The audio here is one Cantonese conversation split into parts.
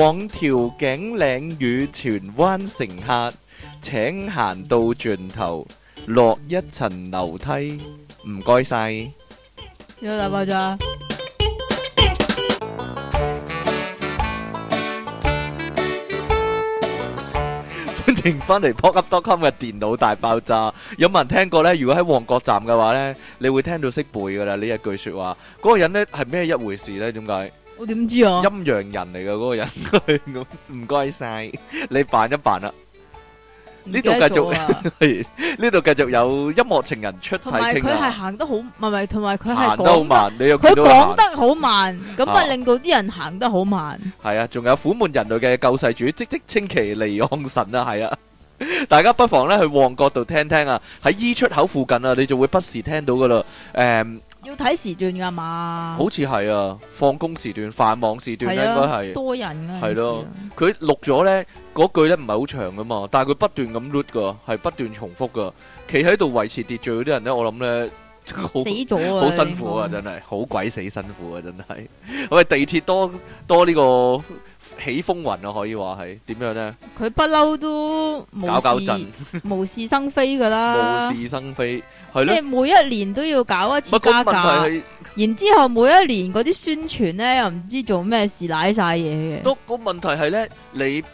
往調景嶺與荃灣乘客，請行到轉頭落一層樓梯，唔該晒。有大爆炸！ 歡迎翻嚟 PockUp.com 嘅電腦大爆炸。有冇人聽過呢？如果喺旺角站嘅話呢，你會聽到識背㗎喇呢一句說話。嗰、那個人呢係咩一回事呢？點解？我點知啊？陰陽人嚟嘅嗰個人，唔該晒， 你扮一扮啊！呢度繼續呢度繼續有音樂情人出。同埋佢係行得好，唔係唔係，同埋佢係行得好慢。講你佢講得好慢，咁啊令到啲人行得好慢。係啊，仲有苦悶人類嘅救世主，即即積淇離岸神啊，係啊， 大家不妨咧去旺角度聽，聽聽啊，喺 E 出口附近啊，你就會不時聽到噶啦，誒、嗯。要睇時段噶嘛？好似係啊，放工時段、繁忙時段咧，呀應該係多人啊。係咯呀，佢呀錄咗咧嗰句咧唔係好長噶嘛，但係佢不斷咁錄噶，係不斷重複噶。企喺度維持秩序嗰啲人咧，我諗咧死咗好辛苦啊，真係、嗯、好鬼死辛苦啊，真係。我哋 地鐵多多呢、呢個。起風雲啊，可以話係點樣咧？佢不嬲都搞搞震，無事生非噶啦， 無事生非係咯。即係每一年都要搞一次加價，那個，然之後每一年嗰啲宣傳咧又唔知做咩事瀨晒嘢嘅。都，那個問題係咧，你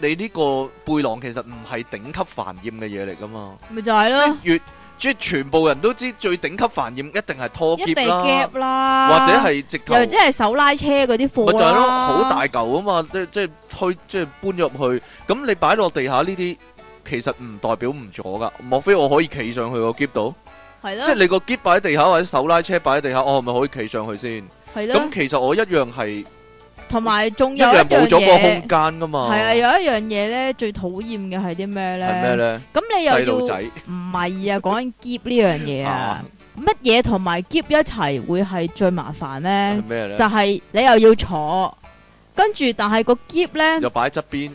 你呢個背囊其實唔係頂級繁艷嘅嘢嚟噶嘛？咪就係咯。越越即係全部人都知最頂級繁衍，一定係拖篋啦，或者係直頭又或者係手拉車嗰啲貨，咪就係咯，好大嚿啊嘛！即係即係推即係搬入去，咁你擺落地下呢啲,其實唔代表唔阻噶。莫非我可以企上去個篋度？係咯，即係你個篋擺喺地下或者手拉車擺喺地下，我係咪可以企上去先？係咯，咁其實我一樣係。同埋仲有個空間㗎嘛，係啊，有一樣嘢咧最討厭嘅係啲咩咧？咁你又要唔係啊？講喼呢樣嘢啊，乜嘢同埋喼一齊會係最麻煩咧？呢就係你又要坐，跟住但係個喼咧又擺喺側邊，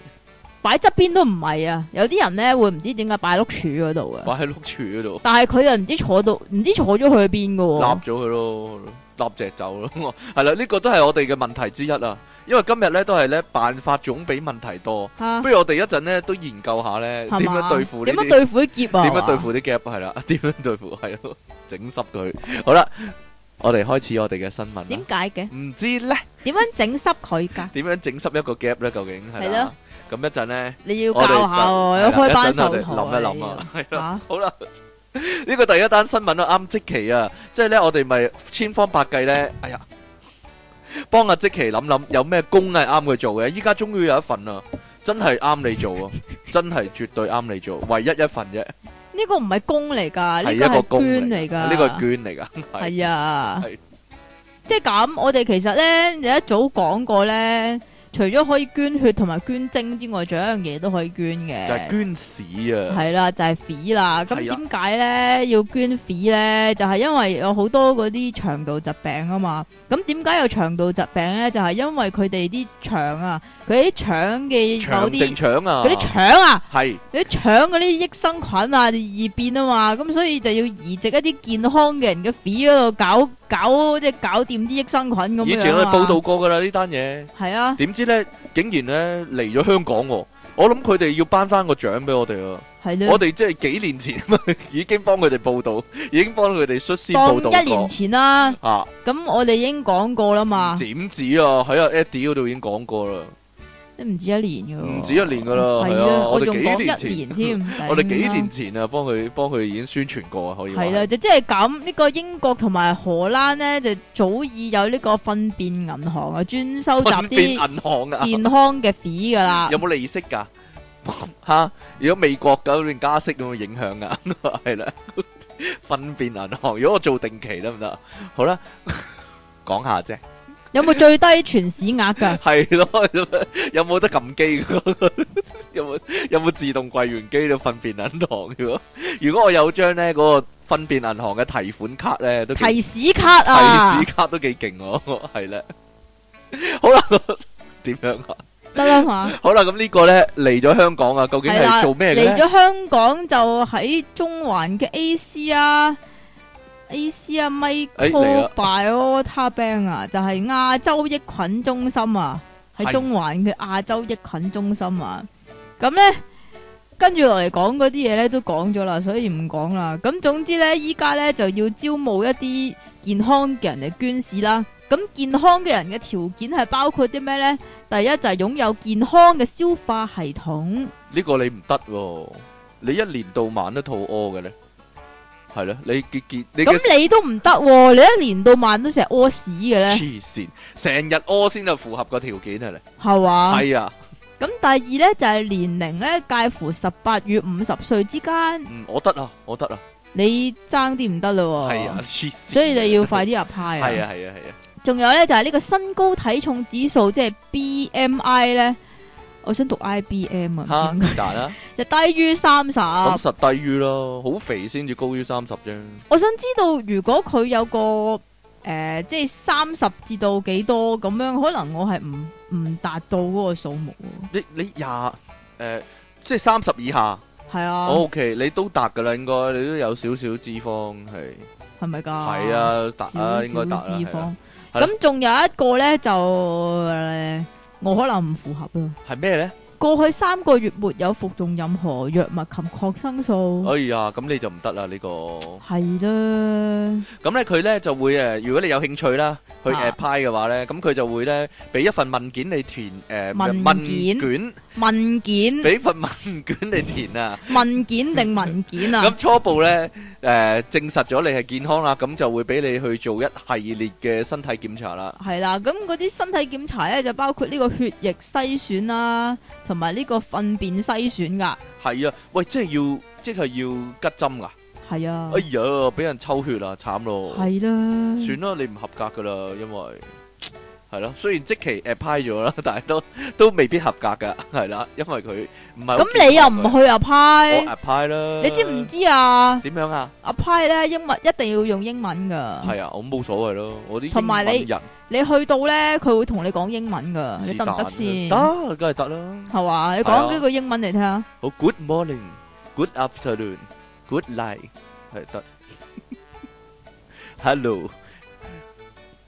擺側邊都唔係啊！有啲人咧會唔知點解擺碌柱嗰度啊，擺喺碌柱嗰度。但係佢又唔知坐到，唔知坐咗去邊嘅，立咗佢咯。立直走咯，係啦，呢個都係我哋嘅問題之一啊。因為今日咧都係咧，辦法總比問題多。不如我哋一陣咧都研究下咧，點樣對付？點樣對付啲劫啊？點樣對付啲 gap 係啦？點樣對付係咯？整濕佢。好啦，我哋開始我哋嘅新聞。點解嘅？唔知咧。點樣整濕佢噶？點樣整濕一個 gap 咧？究竟係咯？咁一陣咧，你要教下我，開班授課啊？諗一諗啊，係啦，好啦。呢個第一單新聞都啱積淇啊！即係咧，我哋咪千方百計咧，哎呀，幫阿積淇諗諗有咩工係啱佢做嘅。依家終於有一份啦，真係啱你做啊！真係絕對啱你做，唯一一份啫。呢個唔係工嚟噶，呢個係捐嚟噶，呢個係捐嚟噶。係啊，即係咁，我哋其實咧有一早講過咧。除咗可以捐血同埋捐精之外，仲有一樣嘢都可以捐嘅，就係捐屎啊！係 啦，就係屎啦。咁點解咧要捐屎咧？就係、是、因為有好多嗰啲腸道疾病啊嘛。咁點解有腸道疾病咧？就係、是、因為佢哋啲腸啊，佢啲腸嘅有啲嗰啲腸啊，係嗰啲腸嗰啲益生菌啊而變啊嘛。咁所以就要移植一啲健康嘅人嘅屎嗰度搞搞即係搞掂啲益生菌咁樣。以前我哋報道過噶啦呢單嘢。係啊。點知？咧竟然咧嚟咗香港、哦，我諗佢哋要頒翻個獎俾我哋啊！呢我哋即係幾年前嘛， 已經幫佢哋報道，已經幫佢哋率先報道。一年前啦、啊，咁、啊、我哋已經講過啦嘛。點止啊？喺阿、啊、Eddie 嗰度已經講過啦。唔止一年噶，唔止一年噶咯，係啊，我仲講一年添。我哋幾年前啊，幫佢幫佢已經宣傳過啊，可以係啦，就即係咁。呢個英國同埋荷蘭咧，就早已有呢個糞便銀行啊，專收集啲健康嘅 fee 噶啦。有冇利息噶？吓， 如果美國搞亂加息咁會影響啊，係啦。糞便銀行，如果我做定期得唔得？好啦，講 下啫。有冇最低全市額噶？係咯， 有冇得撳機？有冇有冇自動櫃員機？到糞便銀行 如果我有張呢嗰、嗰個糞便銀行嘅提款卡咧，都幾提屎卡啊！提屎卡都幾勁喎係啦， 是的 好啦，點 樣啊？得啦好啦，咁呢個咧嚟咗香港啊，究竟係做咩？嚟咗香港就喺中環嘅 A C 啊！A C 啊 Microbiota Bank 啊，就係、是、亞洲益菌中心啊，喺是中環嘅亞洲益菌中心啊，咁咧跟住落嚟講嗰啲嘢咧都講咗啦，所以唔講啦。咁總之咧，依家咧就要招募一啲健康嘅人嚟捐屎啦。咁健康嘅人嘅條件係包括啲咩咧？第一就係擁有健康嘅消化系統，呢個你唔得，你一年到晚都肚屙嘅咧。係咯，你結結你咁你，你都唔得，哦，你一年到晚都成日屙屎嘅咧。黐線，成日屙先就符合個條件係咪？係喎。係啊的。咁的第二咧就係、是、年齡咧介乎十八與五十歲之間，嗯。我得啦，我得啦。你爭啲唔得啦。係啊，黐。所以你要快啲入派啊。係啊，係啊，係啊。仲有咧就係、是、呢個身高體重指數即係 B M I 咧。我想讀 IBM 啊，哈，唔 大啦，就低於三十，咁實低於咯，好肥先至高於三十啫。我想知道如果佢有個誒、呃，即係三十至到幾多咁樣，可能我係唔唔達到嗰個數目啊？你你廿誒，即係三十以下，係啊、oh，OK，你都達噶啦，應該你都有少少脂肪係，係咪噶？係吧啊，達啊，應該達啦。咁仲有一個咧就。我可能唔符合啊，係咩呢？過去三個月沒有服用任何藥物及抗生素。哎呀，咁你就唔得啦呢個。係啦，咁呢佢呢就會誒，如果你有興趣啦，去 apply 嘅話呢，咁佢就會呢俾一份文件你填誒問卷。文件俾份文卷你填啊， 文件定文件啊？咁 初步咧，誒、呃，證實咗你係健康啦，咁就會俾你去做一系列嘅身體檢查啦。係啦、啊，咁嗰啲身體檢查咧就包括呢個血液篩選啦、啊，同埋呢個糞便篩選噶、啊。係啊，喂，即係要，即係要吉針噶。係啊。啊哎呀，俾人抽血慘啊，慘咯。係啦。算啦，你唔合格噶啦，因為。係咯，雖然即期 apply 咗啦，但係都都未必合格噶，係啦，因為佢唔係咁你又唔去 apply？我 apply 咯，你知唔知啊？點樣啊？apply 咧，英文一定要用英文噶。係啊，我冇所謂咯，我啲英文同埋你，你去到咧，佢會同你講英文噶，你得唔得先？得，梗係得咯。係話，你講幾個英文嚟聽下。好，Good morning，Good afternoon，Good night，係得。Hello。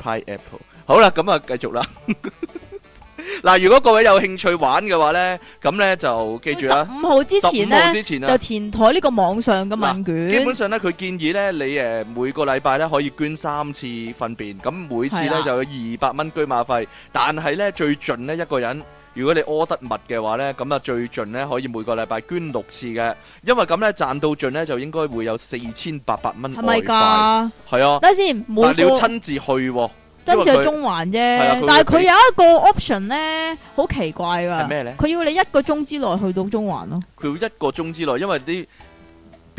Pie apple，好啦，咁啊，繼續啦。嗱，如果各位有興趣玩嘅話咧，咁咧就記住啦。五號之前咧，就前台呢個網上嘅問卷。基本上咧，佢建議咧，你誒每個禮拜咧可以捐三次糞便，咁每次咧就有二百蚊車馬費。但係咧，最盡咧一個人。如果你屙得密嘅話呢，咁啊最盡呢可以每個禮拜捐六次嘅，因為咁呢賺到盡呢，盡就應該會有四千八百蚊外快。係咪噶係啊。等下先，每個你要親自去、哦，親自去中環啫。但係佢有一個 option 呢，好奇怪噶。係咩咧？佢要你一個鐘之內去到中環咯、啊。佢要一個鐘之內，因為啲。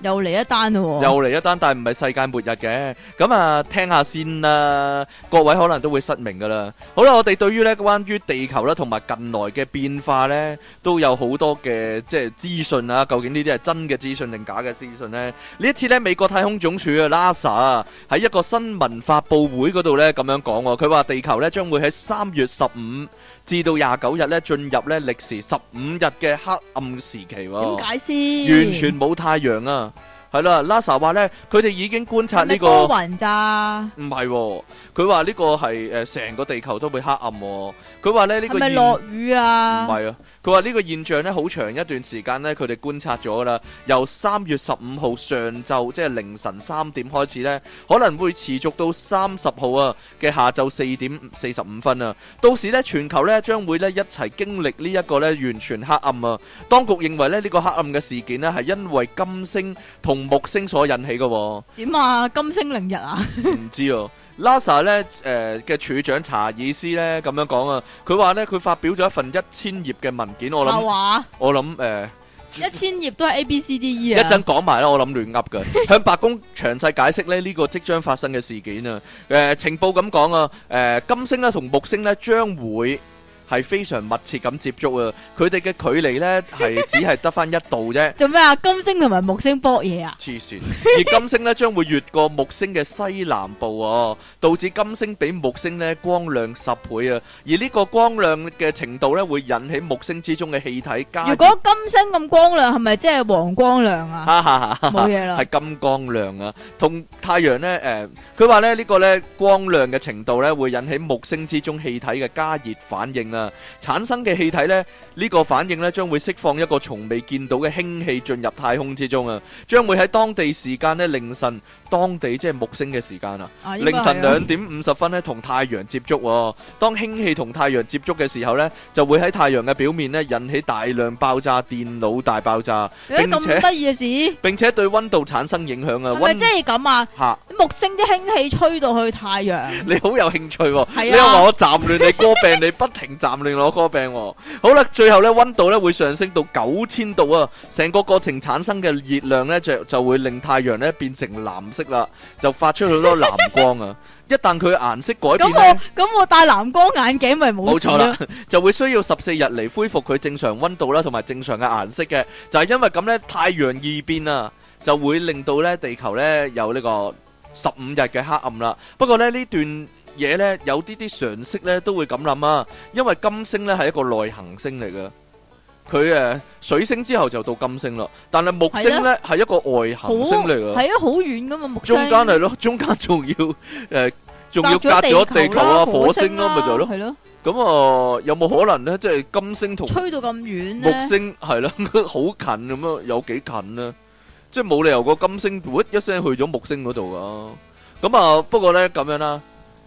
又嚟一單咯、哦，又嚟一單，但係唔係世界末日嘅咁啊。聽下先啦，各位可能都會失明噶啦。好啦，我哋對於呢關於地球啦，同埋近來嘅變化呢，都有好多嘅即係資訊啊。究竟呢啲係真嘅資訊定假嘅資訊呢？呢一次呢，美國太空總署嘅 NASA 喺一個新聞發佈會嗰度呢咁樣講、啊，佢話地球呢將會喺三月十五。至到廿九日咧，進入咧歷時十五日嘅黑暗時期、哦，點解完全冇太陽啊！係啦，NASA 話咧，佢哋已經觀察呢、呢個係咪雲咋？唔係、哦，佢話呢個係誒成個地球都會黑暗、哦。佢話咧呢、呢個係咪落雨啊？唔係啊！佢話呢個現象呢，好長一段時間呢，佢哋觀察咗啦。由三月十五號上晝，即係凌晨三點開始呢，可能會持續到三十號啊嘅下晝四點四十五分啊。到時呢，全球呢將會呢一齊經歷呢一個呢完全黑暗啊。當局認為呢呢個黑暗嘅事件呢係因為金星同木星所引起嘅。點啊？金星凌日啊？唔知哦。Lasa 咧，誒嘅、呃、處長查爾斯咧咁樣講啊，佢話咧佢發表咗一份一千頁嘅文件，我諗話我諗誒、呃、一千頁都係 A B C D E 啊，一陣講埋啦，我諗亂噏㗎， 向白宮詳細解釋咧呢、呢個即將發生嘅事件啊，誒、呃、情報咁講啊，誒、呃、金星咧同木星咧將會係非常密切咁接觸啊！佢哋嘅距離咧係只係得翻一度啫。做咩啊？金星同埋木星搏嘢啊？黐線！而金星咧將會越過木星嘅西南部啊，導致金星比木星咧光亮十倍啊！而呢個光亮嘅程度咧會引起木星之中嘅氣體加熱。如果金星咁光亮，係咪即係黃光亮啊？冇嘢啦。係金光亮啊！同太陽咧誒，佢話咧呢個咧光亮嘅程度咧會引起木星之中氣體嘅加熱反應啊！產生嘅氣體呢，呢、這個反應呢，將會釋放一個從未見到嘅氫氣進入太空之中啊！將會喺當地時間呢，凌晨，當地即係木星嘅時間啊，啊啊凌晨兩點五十分呢，同太陽接觸，哦。當氫氣同太陽接觸嘅時候呢，就會喺太陽嘅表面呢引起大量爆炸，電腦大爆炸。而且咁得意嘅事，並且，並且對溫度產生影響啊！喂不溫，即真係咁啊？吓哈！木星啲氫氣吹到去太陽， 你好有興趣喎，哦？啊、你又話我暫亂你歌病你不停 難令我哥病。好啦，最後呢，溫度呢會上升到九千度啊！成個過程產生嘅熱量呢，就就會令太陽呢變成藍色啦，就發出好多藍光啊！ 一旦佢顏色改變咧，咁我，咁我戴藍光眼鏡咪冇錯啦，就會需要十四日嚟恢復佢正常溫度啦，同埋正常嘅顏色嘅。就係、是、因為咁呢，太陽異變啊，就會令到呢地球呢有呢個十五日嘅黑暗啦。不過呢，呢段。嘢咧有啲啲常識咧，都會咁諗啊。因為金星咧係一個內行星嚟嘅，佢誒水星之後就到金星咯。但係木星咧係一個外行星嚟嘅，係啊，好遠噶嘛，木星中間係咯，中間仲要誒仲要隔住咗地球啊，火星咯，咪就係咯，係咯。咁啊，有冇可能咧？即係金星同木星係咯，好近咁啊，有幾近咧？即係冇理由個金星噗一聲去咗木星嗰度噶。咁啊，不過咧咁樣啦。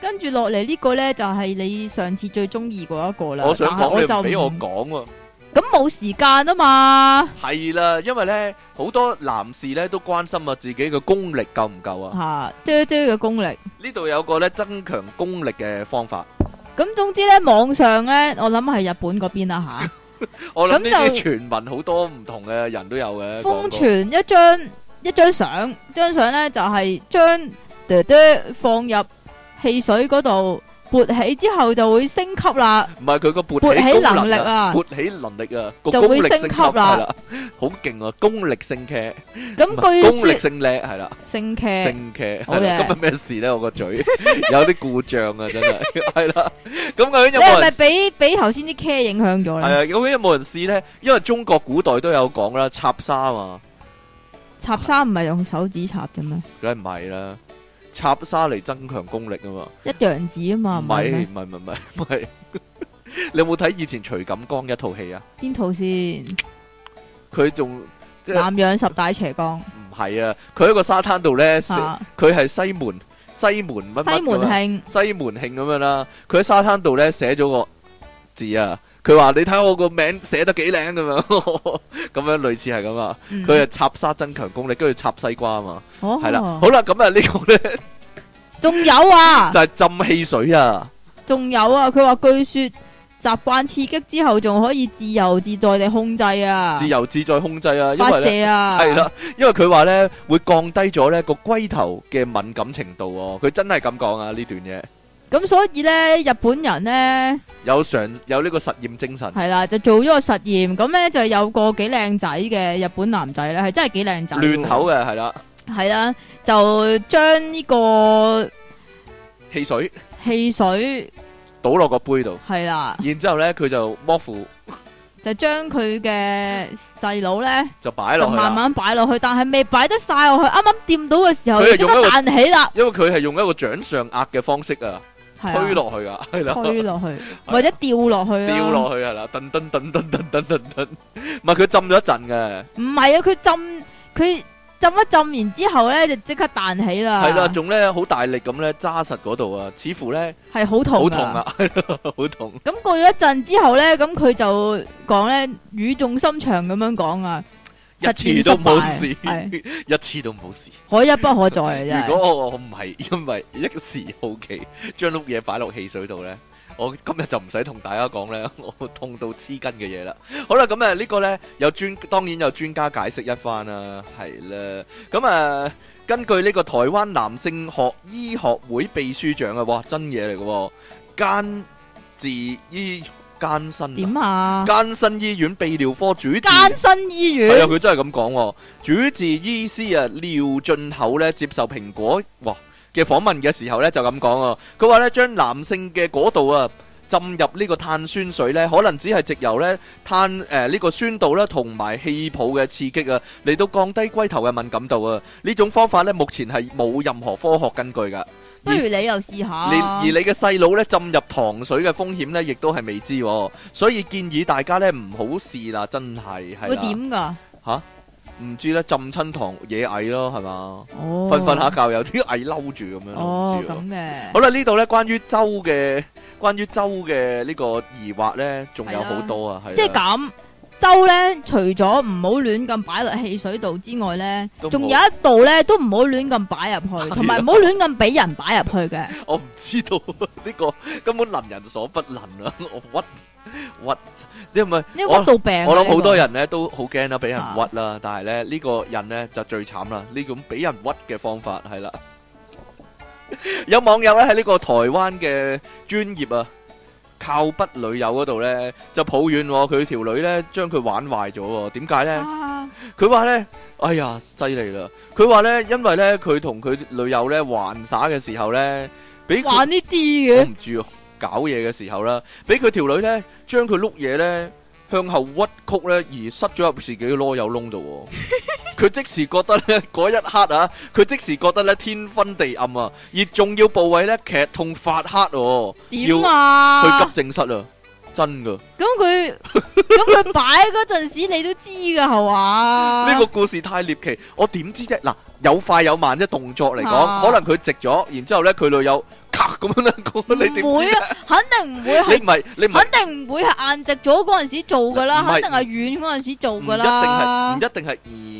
跟住落嚟，呢個呢就係你上次最中意嗰一個啦。我想講你就俾我講喎。咁冇時間啊嘛。係啦，因為呢好多男士呢都關心啊自己嘅功力夠唔夠啊。吓，J J 嘅功力。呢度有個呢增強功力嘅方法。咁總之呢網上呢，我諗係日本嗰邊啦吓。咁就傳聞好多唔同嘅人都有嘅。瘋傳一張一張相，張相呢就係將 J J 放入。汽水嗰度，勃起之後就會升級啦，唔係佢個勃起能力啊，勃起能力啊，就會升級啦，好勁啊，功力升茄，咁據說功力升叻係啦，升茄升茄，咁係咩事咧？我個嘴有啲故障啊，真係，係啦，咁究竟有係咪俾俾頭先啲茄影響咗咧？係啊，究竟有冇人試咧？因為中國古代都有講啦，插沙嘛，插沙唔係用手指插嘅咩？梗係唔係啦。插沙嚟增強功力啊嘛，一樣字啊嘛，唔係唔係唔係唔係， 你有冇睇以前徐錦江一套戲啊？邊套先？佢仲即係南洋十大邪光唔係啊？佢喺個沙灘度咧，佢係西門西門乜西門慶西門慶咁樣啦。佢喺沙灘度咧寫咗個字啊！佢話你睇我個名寫得幾靚咁樣，咁樣類似係咁啊。佢係、嗯、哼插沙增強功力，跟住插西瓜啊嘛。係啦，好啦，咁啊呢個呢？仲有啊， 就係浸汽水啊。仲有啊，佢話據說習慣刺激之後，仲可以自由自在地控制啊。自由自在控制啊，因為發射啊。係啦，因為佢話呢會降低咗呢個龜頭嘅敏感程度啊。佢真係咁講啊呢段嘢。咁所以咧，日本人咧有常有呢個實驗精神，係啦，就做咗個實驗。咁咧就有個幾靚仔嘅日本男仔咧，係真係幾靚仔，亂口嘅，係啦，係啦，就將呢個汽水汽水倒落個杯度，係啦。然之後咧，佢就剝褲，就將佢嘅細佬咧就擺落，慢慢擺落去，但係未擺得晒落去，啱啱掂到嘅時候，佢即刻彈起啦。因為佢係用一個掌上壓嘅方式啊。推落去噶，推落去，或者掉落去啊！掉落去係啦，噔噔噔噔噔噔噔噔，唔係佢浸咗一陣嘅，唔係啊，佢浸佢浸一浸，完之後咧就即刻彈起啦，係啦，仲咧好大力咁咧揸實嗰度啊，似乎咧係好痛，好痛啊，係啦，好痛！咁過咗一陣之後咧，咁佢就講咧語重心長咁樣講啊。 一次都冇事，是 一次都冇事，可一不可再 如果我唔係因為一時好奇將碌嘢擺落汽水度呢，我今日就唔使同大家講呢，我痛到黐筋嘅嘢啦。好啦，咁啊呢、這個呢，有專，當然有專家解釋一番、啊、啦，係、嗯、啦。咁啊根據呢個台灣男性學醫學會秘書長嘅哇真嘢嚟嘅間自醫。艱辛點啊！艱辛醫院泌尿科主治艱辛醫院係啊！佢真係咁講喎，主治醫師廖進、哦、啊，尿盡口咧接受蘋果嘅訪問嘅時候咧就咁講喎，佢話咧將男性嘅嗰度啊浸入呢個碳酸水咧，可能只係藉由咧碳誒呢、呃這個酸度啦同埋氣泡嘅刺激啊嚟到降低龜頭嘅敏感度啊，呢種方法咧目前係冇任何科學根據噶。而不如你又試下而。而你嘅細佬咧，浸入糖水嘅風險咧，亦都係未知，所以建議大家咧唔好試啦，真係。會點噶？吓、啊，唔知咧，浸親糖嘢，蟻咯，係嘛？瞓瞓、哦、下覺有啲蟻嬲住咁樣。咁嘅、哦。好啦，呢度咧關於周嘅，關於周嘅呢個疑惑咧，仲有好多啊，係的。即係咁。周咧，除咗唔好亂咁擺落汽水度之外咧，仲有一度咧都唔好亂咁擺入去，同埋唔好亂咁俾人擺入去嘅。我唔知道呢個根本能人所不能啊！我屈屈，你係咪，你屈到病，我我諗好多人咧都好驚啦，俾人屈啦。但係咧呢個人咧就最慘啦，呢種俾人屈嘅方法係啦。有網友咧喺呢個台灣嘅專業啊。靠北女友嗰度咧，就抱怨佢條女咧將佢玩壞咗。點解咧？佢話咧，哎呀，犀利啦！佢話咧，因為咧佢同佢女友咧玩耍嘅時候咧，俾玩呢啲嘅，我唔知哦。搞嘢嘅時候啦，俾佢條女咧將佢碌嘢咧向後屈曲咧而塞咗入自己嘅羅柚窿度。佢即時覺得咧，嗰一刻啊，佢即時覺得咧天昏地暗啊，而重要部位咧劇痛發黑哦。點啊？去急症室啊！真噶。咁佢咁佢擺嗰陣時，你都知噶係嘛？呢個故事太獵奇，我點知啫？嗱，有快有慢啫，動作嚟講，可能佢直咗，然之後咧佢女友咔咁樣咧，你點？唔會啊！肯定唔會係。你唔係，你唔係。肯定唔會係硬直咗嗰陣時做噶啦，肯定係軟嗰陣時做噶啦。唔一定係唔一定係二。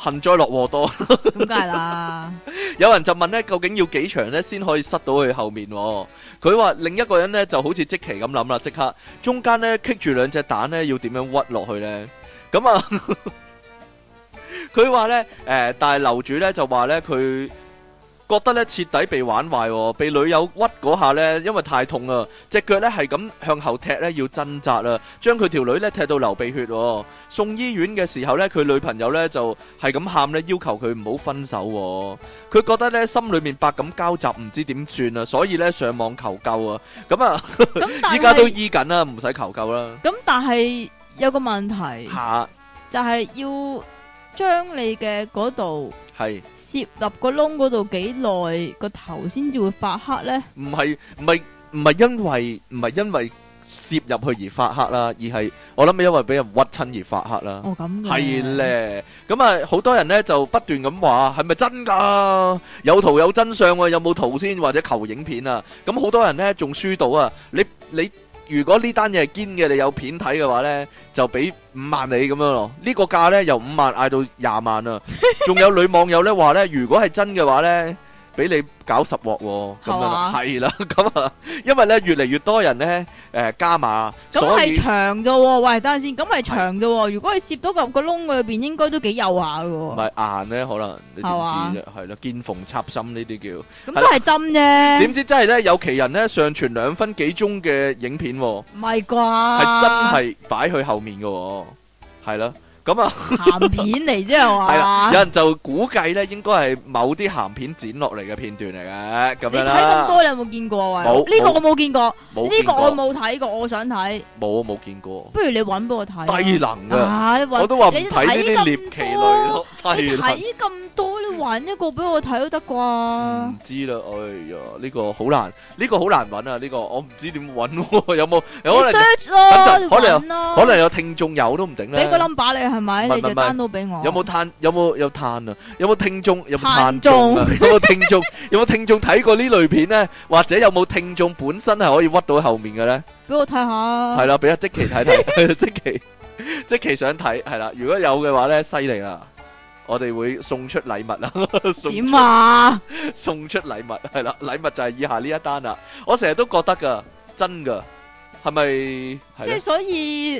幸災樂禍多，咁梗係啦。有人就問咧，究竟要幾長咧先可以塞到去後面，哦？佢話另一個人咧就好似即期咁諗啦，即刻中間咧棘住兩隻蛋呢要點樣屈落去呢？咁啊，佢 話呢，誒、呃，但係樓主呢就話呢，佢。覺得咧徹底被玩壞、哦，被女友屈嗰下呢，因為太痛啦，隻腳咧係咁向後踢咧，要掙扎啦，將佢條女咧踢到流鼻血、哦。送醫院嘅時候咧，佢女朋友咧就係咁喊咧，要求佢唔好分手、哦。佢覺得咧心裏面百感交集，唔知點算啊，所以咧上網求救啊。咁啊，依家是 都醫緊啦，唔使求救啦。咁但係有個問題，啊、就係要將你嘅嗰度。係攝入個窿，嗰度幾耐個頭先至會發黑咧？唔係唔係唔係因為唔係因為攝入去而發黑啦，而係我諗係因為俾人屈親而發黑啦。哦咁。係咧，咁啊好多人咧就不斷咁話係咪真噶？有圖有真相喎，有冇圖先？或者求影片啊？咁好多人咧仲輸到啊！你你。如果呢單嘢係堅嘅，你有片睇嘅話呢，就俾五萬你咁樣咯。呢個價呢，由五萬嗌到廿萬啊！仲有女網友呢話呢，如果係真嘅話呢。俾你搞十鑊咁啊！係啦，咁啊，因為咧越嚟越多人咧，誒加碼，咁係長啫。喂，等陣先，咁係長啫。如果你攝到入個窿嘅裏邊，應該都幾幼下噶。唔係硬咧，可能你點知。係咯，見縫插針呢啲叫。咁都係針啫。點知真係咧？有奇人咧上傳兩分幾鐘嘅影片，唔係啩？係真係擺去後面噶，係啦。咁啊，鹹片嚟啫係嘛？有人就估計咧，應該係某啲鹹片剪落嚟嘅片段嚟嘅，咁樣啦。你睇咁多，你有冇見過啊？呢個我冇見過，呢個我冇睇過，我想睇。冇冇見過，不如你搵俾我睇。低能啊！我都話唔睇呢啲獵奇類咯，係咯。你睇咁多，你搵一個俾我睇都得啩？唔知啦，哎呀，呢個好難，呢個好難搵啊！呢個我唔知點搵，有冇？可能可能可能有聽眾有都唔定啦。俾個 number 你啊！係咪？係咪係咪你單都俾我？有冇嘆？有冇有嘆啊？有冇聽眾？有冇、啊、探中笑聽眾？嗰個聽眾有冇聽眾睇過呢類片呢？或者有冇聽眾本身係可以屈到後面嘅呢？俾我睇下、啊。係啦，俾阿積淇睇睇， 積淇，積淇想睇係啦。如果有嘅話呢，犀利啦，我哋會送出禮物 出啊！點啊？送出禮物係啦，禮物就係以下呢一單啦。我成日都覺得㗎，真㗎。係咪？是是即係所以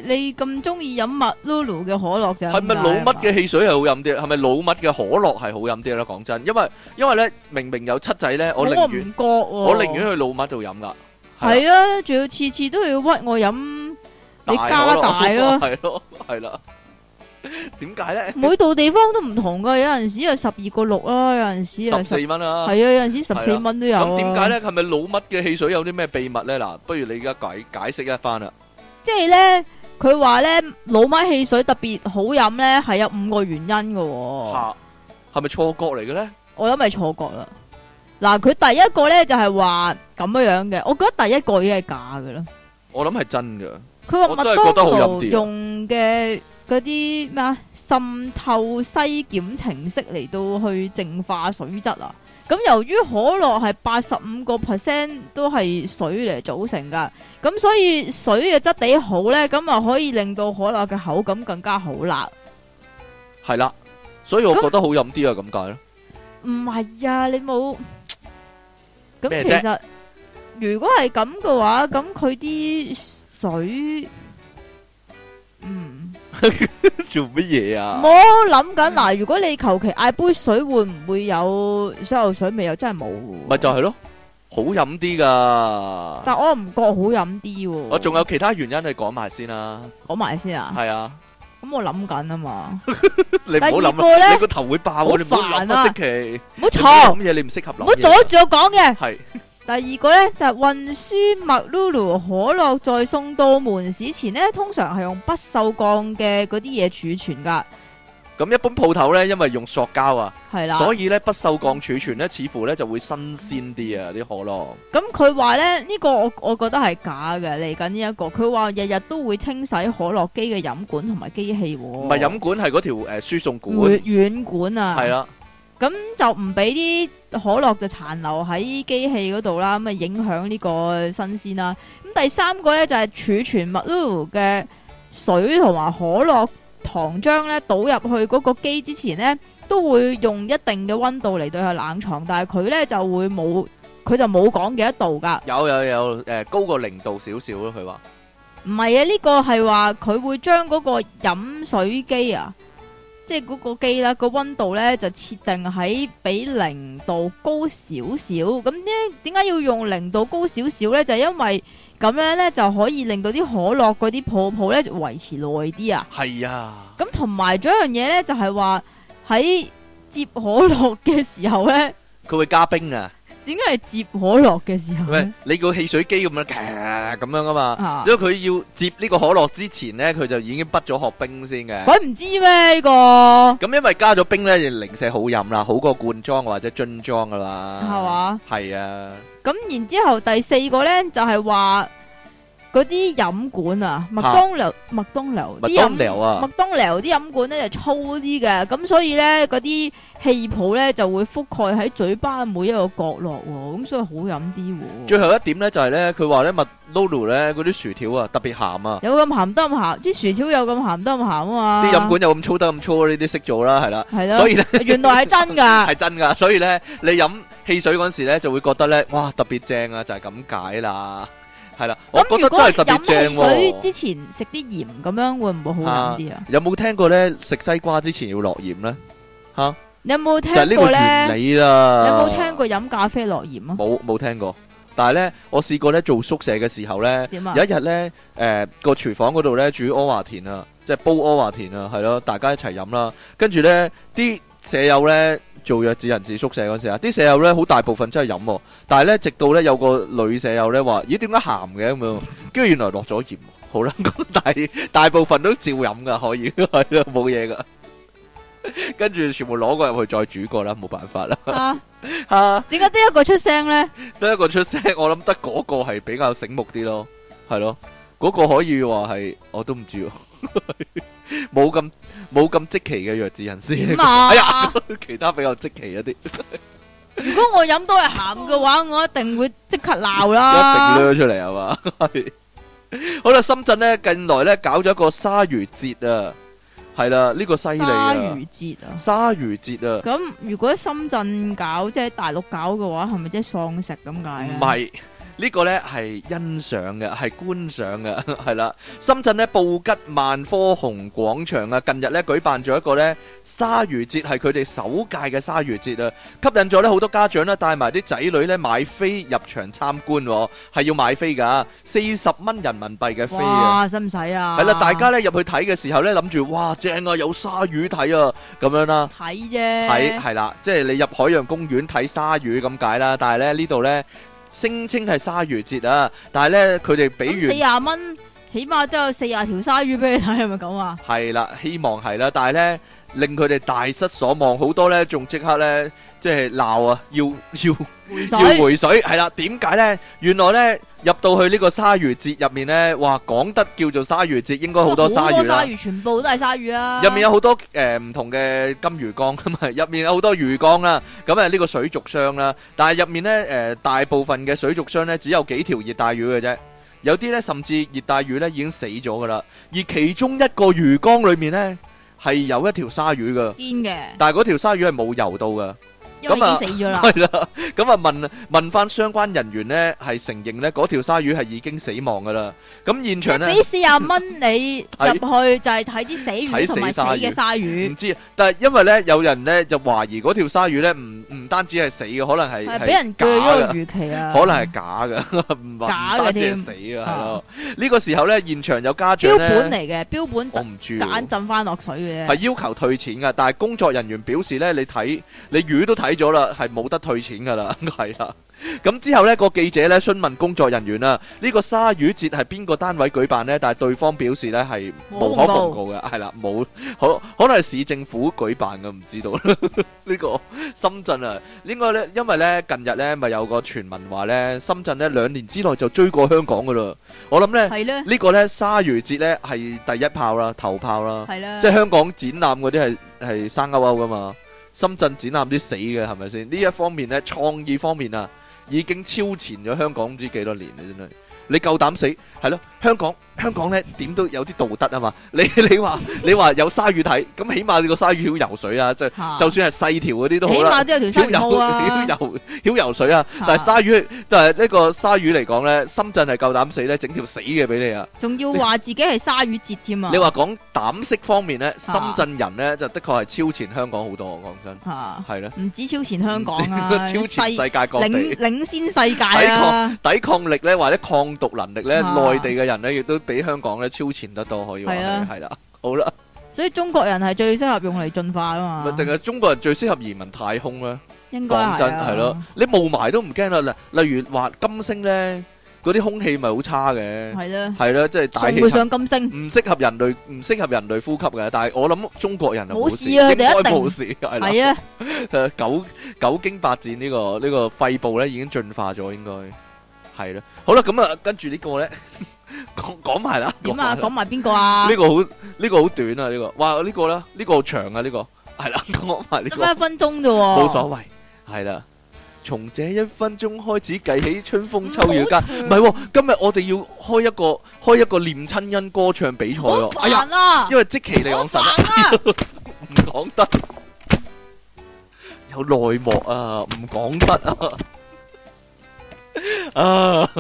你咁中意飲蜜露 u 嘅可樂就係咪？是是老蜜嘅汽水係好飲啲，係咪老蜜嘅可樂係好飲啲啦？講真，因為因為咧，明明有七仔咧，我寧願我唔覺、啊，我寧願去老蜜度飲噶。係啊，仲要次次都要屈我飲，你加大咯，係咯可，係 啦、啊。點解咧？呢每度地方都唔同噶，有陣時係十二個六啦，有陣時十四蚊啦，係啊，有陣時十四蚊都有、啊。咁點解咧？係咪老麥嘅汽水有啲咩秘密咧？嗱，不如你而家解解釋一番啦。即係咧，佢話咧老麥汽水特別好飲咧，係有五個原因噶、哦。吓、啊，係咪錯覺嚟嘅咧？我諗係錯覺啦。嗱，佢第一個咧就係話咁樣樣嘅，我覺得第一個已經係假噶啦。我諗係真噶。佢話麥當勞用嘅。嗰啲咩啊？滲透西檢程式嚟到去淨化水質啊！咁由於可樂係八十五個 percent 都係水嚟組成噶，咁所以水嘅質地好呢，咁啊可以令到可樂嘅口感更加好啦。係啦，所以我覺得好飲啲啊！咁解咧？唔係那啊，你冇咁嘖其實如果係咁嘅話，咁佢啲水嗯。做乜嘢啊？冇諗緊。嗱，如果你求其嗌杯水，會唔會有水油水味？又真係冇。咪就係咯，好飲啲噶。但係我唔覺好飲啲。我仲有其他原因，你講埋先啦。講埋先啊。係啊。咁我諗緊啊嘛。第二個咧，你個頭會爆。我唔好諗啊。唔好嘈，諗嘢你唔適合諗。唔好阻住我講嘅。第二個呢，就係運輸麥露露可樂再送到門市前呢，通常係用不銹鋼嘅嗰啲嘢儲存噶。咁一般鋪頭呢，因為用塑膠啊，係啦，所以呢，不銹鋼儲存呢，似乎呢就會新鮮啲啊啲可樂。咁佢話呢，呢、呢個我我覺得係假嘅嚟緊呢一個。佢話日日都會清洗可樂機嘅飲管同埋機器，唔係飲管係嗰條誒輸送管軟管啊，係、呃啊、啦。咁就唔俾啲可樂就殘留喺機器嗰度啦，咁啊影響呢個新鮮啦。咁第三個呢，就係、是、儲存物料嘅水同埋可樂糖漿呢，倒入去嗰個機之前呢，都會用一定嘅溫度嚟對佢冷藏，但係佢呢，就會冇，佢就冇講幾多度噶。有有有，誒、呃，高過零度少少咯，佢話唔係啊，呢個係話佢會將嗰個飲水機啊。即係嗰個機啦，個溫度咧就設定喺比零度高少少。咁點點解要用零度高少少咧？就係因為咁樣咧就可以令到啲可樂嗰啲泡泡咧維持耐啲啊。係啊。咁同埋仲一樣嘢咧，就係話喺接可樂嘅時候咧，佢會加冰啊。點解係接可樂嘅時候呢？唔，你個汽水機咁樣，咁樣啊嘛。啊，所以佢要接呢個可樂之前呢，佢就已經滗咗學冰先嘅。鬼唔知咩呢個？咁因為加咗冰呢，就零舍好飲啦，好過罐裝或者樽裝噶啦，係嘛？係啊。咁然之後第四個呢，就係話。嗰啲飲管啊，麥當勞、麥當勞、麥當勞啊！麥當勞啲飲管咧就粗啲嘅，咁所以咧嗰啲氣泡咧就會覆蓋喺嘴巴每一個角落喎，咁所以好飲啲喎。最後一點咧就係咧，佢話咧麥 Lulu 咧嗰啲薯條啊特別鹹啊，有咁鹹得咁鹹，啲薯條有咁鹹得咁鹹啊嘛。啲飲管有咁粗得咁粗呢啲識做啦，係啦，所以咧原來係真㗎，係真㗎。所以咧你飲汽水嗰陣時咧就會覺得咧哇特別正啊，就係咁解啦。係啦，咁如果飲開水之前食啲鹽，咁樣會唔會好啲啊，啊？有冇聽過呢？食西瓜之前要落鹽呢？吓、啊啊啊？你有冇聽過呢？你啦，有冇聽過飲咖啡落鹽啊？冇冇聽過，但係呢，我試過呢做宿舍嘅時候呢，啊、有一日呢，誒、呃個廚房嗰度呢煮阿華田啊，即係煲阿華田啊，係咯，大家一齊飲啦。跟住呢，啲舍友呢。做弱智人士宿舍嗰時啊，啲舍友咧好大部分真係飲，但係咧直到咧有個女舍友咧話，咦點解鹹嘅咁樣，跟住原來落咗鹽。好啦，大大部分都照飲噶，可以係啦，冇嘢噶。跟住全部攞過入去再煮過啦，冇辦法啦。啊啊，點解得一個出聲咧？得一個出聲，我諗得嗰個係比較醒目啲咯，係咯，嗰個可以話係，我都唔知。冇咁冇咁積淇嘅弱智人士啊嘛、哎，其他比較積淇一啲。如果我飲到係鹹嘅話， 我一定會即刻鬧啦。一定甩出嚟係嘛？ 好啦，深圳咧近來咧搞咗一個鯊魚節啊，係啦，呢個犀利。鯊魚節啊！鯊、這個、魚節啊！咁、啊、如果喺深圳搞，即係喺大陸搞嘅話，係咪即係喪食咁解？唔係。呢個呢係欣賞嘅，係觀賞嘅，係啦。深圳呢布吉萬科紅廣場啊，近日呢舉辦咗一個呢鯊魚節，係佢哋首屆嘅鯊魚節啊，吸引咗呢好多家長呢、啊、帶埋啲仔女呢買飛入場參觀、啊，係要買飛噶、啊，四十蚊人民幣嘅飛啊！哇，使唔使啊？係啦，大家呢入去睇嘅時候呢，諗住哇正啊，有鯊魚睇啊，咁樣啦、啊，睇啫，睇係啦，即係你入海洋公園睇鯊魚咁解啦，但係呢呢度呢。聲稱係鯊魚節啊，但係咧佢哋俾完四廿蚊，起碼都有四廿條鯊魚俾你睇，係咪咁啊？係啦，希望係啦，但係咧。令佢哋大失所望，好多咧，仲即刻咧，即係鬧啊，要要要回水，係啦。點解咧？原來咧，入到去呢個鯊魚節入面咧，哇，講得叫做鯊魚節，應該好多鯊魚啦。好多鯊魚，全部都係鯊魚啦。入面有好多誒唔同嘅金魚缸，咁啊，入面有好多魚缸啦。咁啊，呢個水族箱啦，但係入面咧誒，大部分嘅水族箱咧只有幾條熱帶魚嘅啫，有啲咧甚至熱帶魚咧已經死咗噶啦。而其中一個魚缸裏面咧。係有一條鯊魚㗎，但係嗰條鯊魚係冇游到㗎。咁已經死咗啦，係啦，咁啊問問翻相關人員咧，係承認咧嗰條鯊魚係已經死亡噶啦。咁現場咧，俾四十蚊你入去就係睇啲死魚同埋死嘅鯊魚。唔知，但係因為咧有人咧就懷疑嗰條鯊魚咧唔唔單止係死嘅，可能係俾人鋸個魚鰭啊，可能係假嘅，唔假嘅即死啊。呢個時候咧，現場有家長咧，標本嚟嘅標本，我唔住，彈浸翻落水嘅係要求退錢噶，但係工作人員表示咧，你睇你魚都睇。睇咗啦，係冇得退錢噶啦，係啦。咁之後咧，呢個記者咧詢問工作人員啦，呢個鯊魚節係邊個單位舉辦咧？但係對方表示咧係無可奉告嘅，係啦，冇可可能係市政府舉辦嘅，唔知道啦。呢個深圳啊，另外咧，因為咧近日咧咪有個傳聞話咧，深圳咧兩年之內就追過香港噶啦。我諗咧，呢個咧鯊魚節咧係第一炮啦，頭炮啦，即係香港展覽嗰啲係係生勾勾噶嘛。深圳展覽啲死嘅係咪先？呢一方面咧，創意方面啊，已經超前咗香港唔知幾多年啦，真係。你夠膽死，係咯？香港香港咧點都有啲道德啊嘛！你你話你話有鯊魚睇，咁起碼你個鯊魚要游水啊！即係就算係細條嗰啲都好啦，要遊啊，要遊要游水啊！但係鯊魚但係呢個鯊魚嚟講咧，深圳係夠膽死咧，整條死嘅俾你啊！仲要話自己係鯊魚節添啊！你話講膽色方面咧，深圳人咧就的確係超前香港好多，我講真係啦，唔止超前香港啊，超前世界領領先世界啊！抵抗力咧或者抗。讀能力咧，內地嘅人咧亦都比香港咧超前得多，可以話係啊，係啦，好啦，所以中國人係最適合用嚟進化㗎嘛，定係中國人最適合移民太空咧？應該，講真係咯，你霧霾都唔驚啦。嗱，例如話金星咧，嗰啲空氣咪好差嘅，係啦，係啦，即係大氣上金星，唔適合人類，唔適合人類呼吸嘅。但係我諗中國人冇事啊，佢哋一定冇事，係啊，九九經百戰呢個呢個肺部咧已經進化咗，應該。係啦，好啦，咁啊，跟住呢個咧，講講埋啦。點啊？講埋邊個啊？呢個好呢個好短啊！呢個哇呢個啦，呢個好長啊！呢個係啦，講埋呢個一分鐘啫，冇所謂。係啦，從這一分鐘開始計起，春風秋雨間，唔係，今日我哋要開一個開一個念親恩歌唱比賽喎。哎呀，因為積淇離岸神啊，唔講得，有內幕啊，唔講得啊。啊！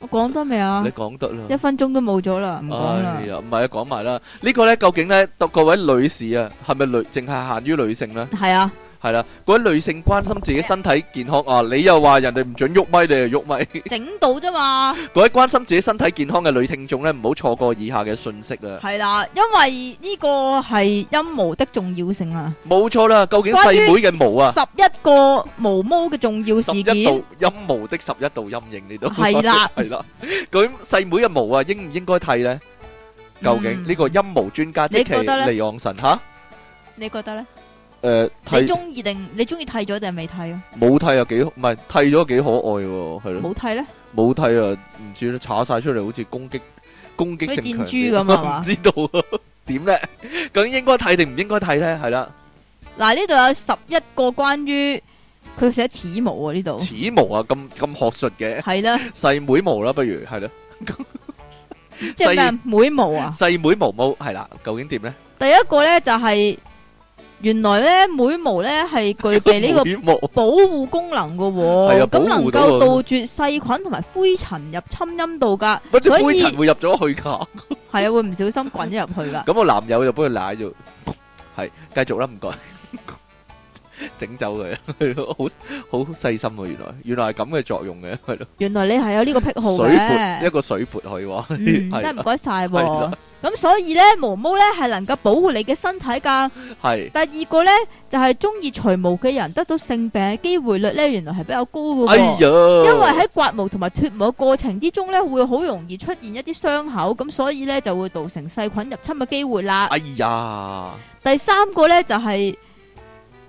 我講得未啊？你講得啦，一分鐘都冇咗啦，唔該啦。唔係啊，講埋啦。這個、呢個咧究竟咧，各位女士是是女女啊，係咪女淨係限於女性咧？係啊。係啦，嗰位女性關心自己身體健康啊，你又話人哋唔准喐咪，你又喐咪，整到啫嘛！嗰位關心自己身體健康嘅女聽眾咧，唔好錯過以下嘅信息啊！係啦，因為呢個係陰毛的重要性啊！冇錯啦，究竟細妹嘅毛啊，十一個毛毛嘅重要事件，十一度陰毛的十一度陰影，你都係啦，係啦，咁細妹嘅毛啊，應唔應該剃咧？究竟呢個陰毛專家積淇離岸神吓？你覺得咧？誒，你中意定你中意剃咗定係未剃啊？冇剃又幾唔係剃咗幾可愛喎，係咯？冇剃咧？冇剃啊，唔知啦，搽晒出嚟好似攻擊攻擊性。似箭豬咁啊？知道點咧？究竟應該剃定唔應該剃咧？係啦。嗱呢度有十一個關於佢寫恥毛啊呢度。恥毛啊，咁咁學術嘅係啦。細妹毛啦，不如係啦。即係咩？妹毛啊？細妹毛毛係啦，究竟點咧？第一個咧就係。原來咧，每毛咧係具備呢個梅模 保護功能噶、哦，咁、 啊、能夠杜絕細菌同埋灰塵入侵陰道噶。乜啲不以灰塵會入咗去噶？係 啊，會唔小心滾咗入去噶。咁 我男友就幫佢舐咗，係 繼續啦，唔該。整走佢，好好細心啊！原來原來係咁嘅作用嘅，係咯。原來你係有呢個癖好嘅，一個水潑可以喎。真係唔該晒，咁 所以呢，毛毛呢係能夠保護你嘅身體噶。係是第二個呢，就係中意除毛嘅人得到性病嘅機會率呢，原來係比較高噶。哎、呀因為喺刮毛同埋脫毛過程之中呢，會好容易出現一啲傷口，咁所以呢，就會造成細菌入侵嘅機會啦。哎呀，第三個呢，就係、是。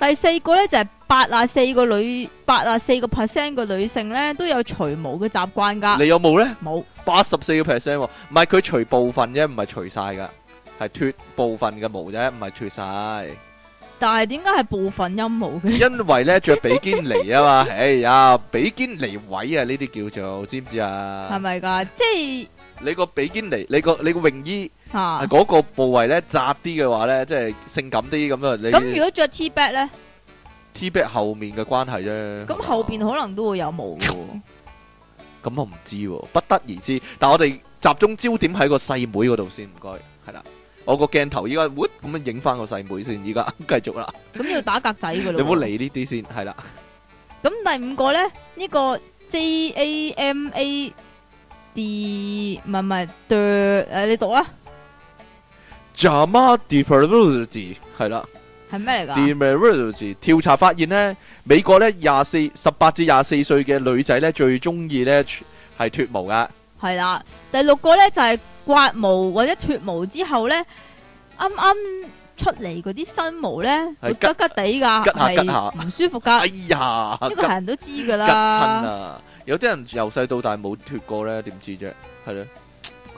第四個咧就係八啊四個女，八啊四個 percent 嘅女性咧都有除毛嘅習慣㗎。你有冇咧？冇沒，八十四個 percent 喎，唔係佢除部分啫，唔係除晒㗎，係脫部分嘅毛啫，唔係脫晒。但係點解係部分陰毛嘅？因為咧着比堅尼啊嘛，哎呀、 hey, 啊，比堅尼位啊呢啲叫做知唔知啊？係咪㗎？即係。你個比基尼，你個你個泳衣，嗰、啊、個部位咧窄啲嘅話咧，即係性感啲咁樣。咁如果着 T back 咧？T back 後面嘅關係啫。咁後邊可能都會有毛。咁 我唔知、啊，不得而知。但我哋集中焦點喺個細妹嗰度先，唔該。係啦，我鏡應該樣個鏡頭依家，嘩，咁樣影翻個細妹先，依家繼續啦。咁要打格仔噶啦。你唔好理呢啲先，係啦。咁第五個咧，呢、這個 J A M A。M A D 唔係唔係對，誒你讀啊？JAMA Dermatology 係啦，係咩嚟噶？Dermatology 調查發現呢，美國呢，廿四，十八至廿四歲嘅女仔呢，最中意呢，係脱毛噶。係啦，第六個呢，就係、是、刮毛或者脱毛之後呢，啱啱出嚟嗰啲新毛呢，佢吉吉地噶，係唔舒服噶。哎呀，呢個係人都知噶啦。有啲人由細到大冇脫過咧，點知啫？係咧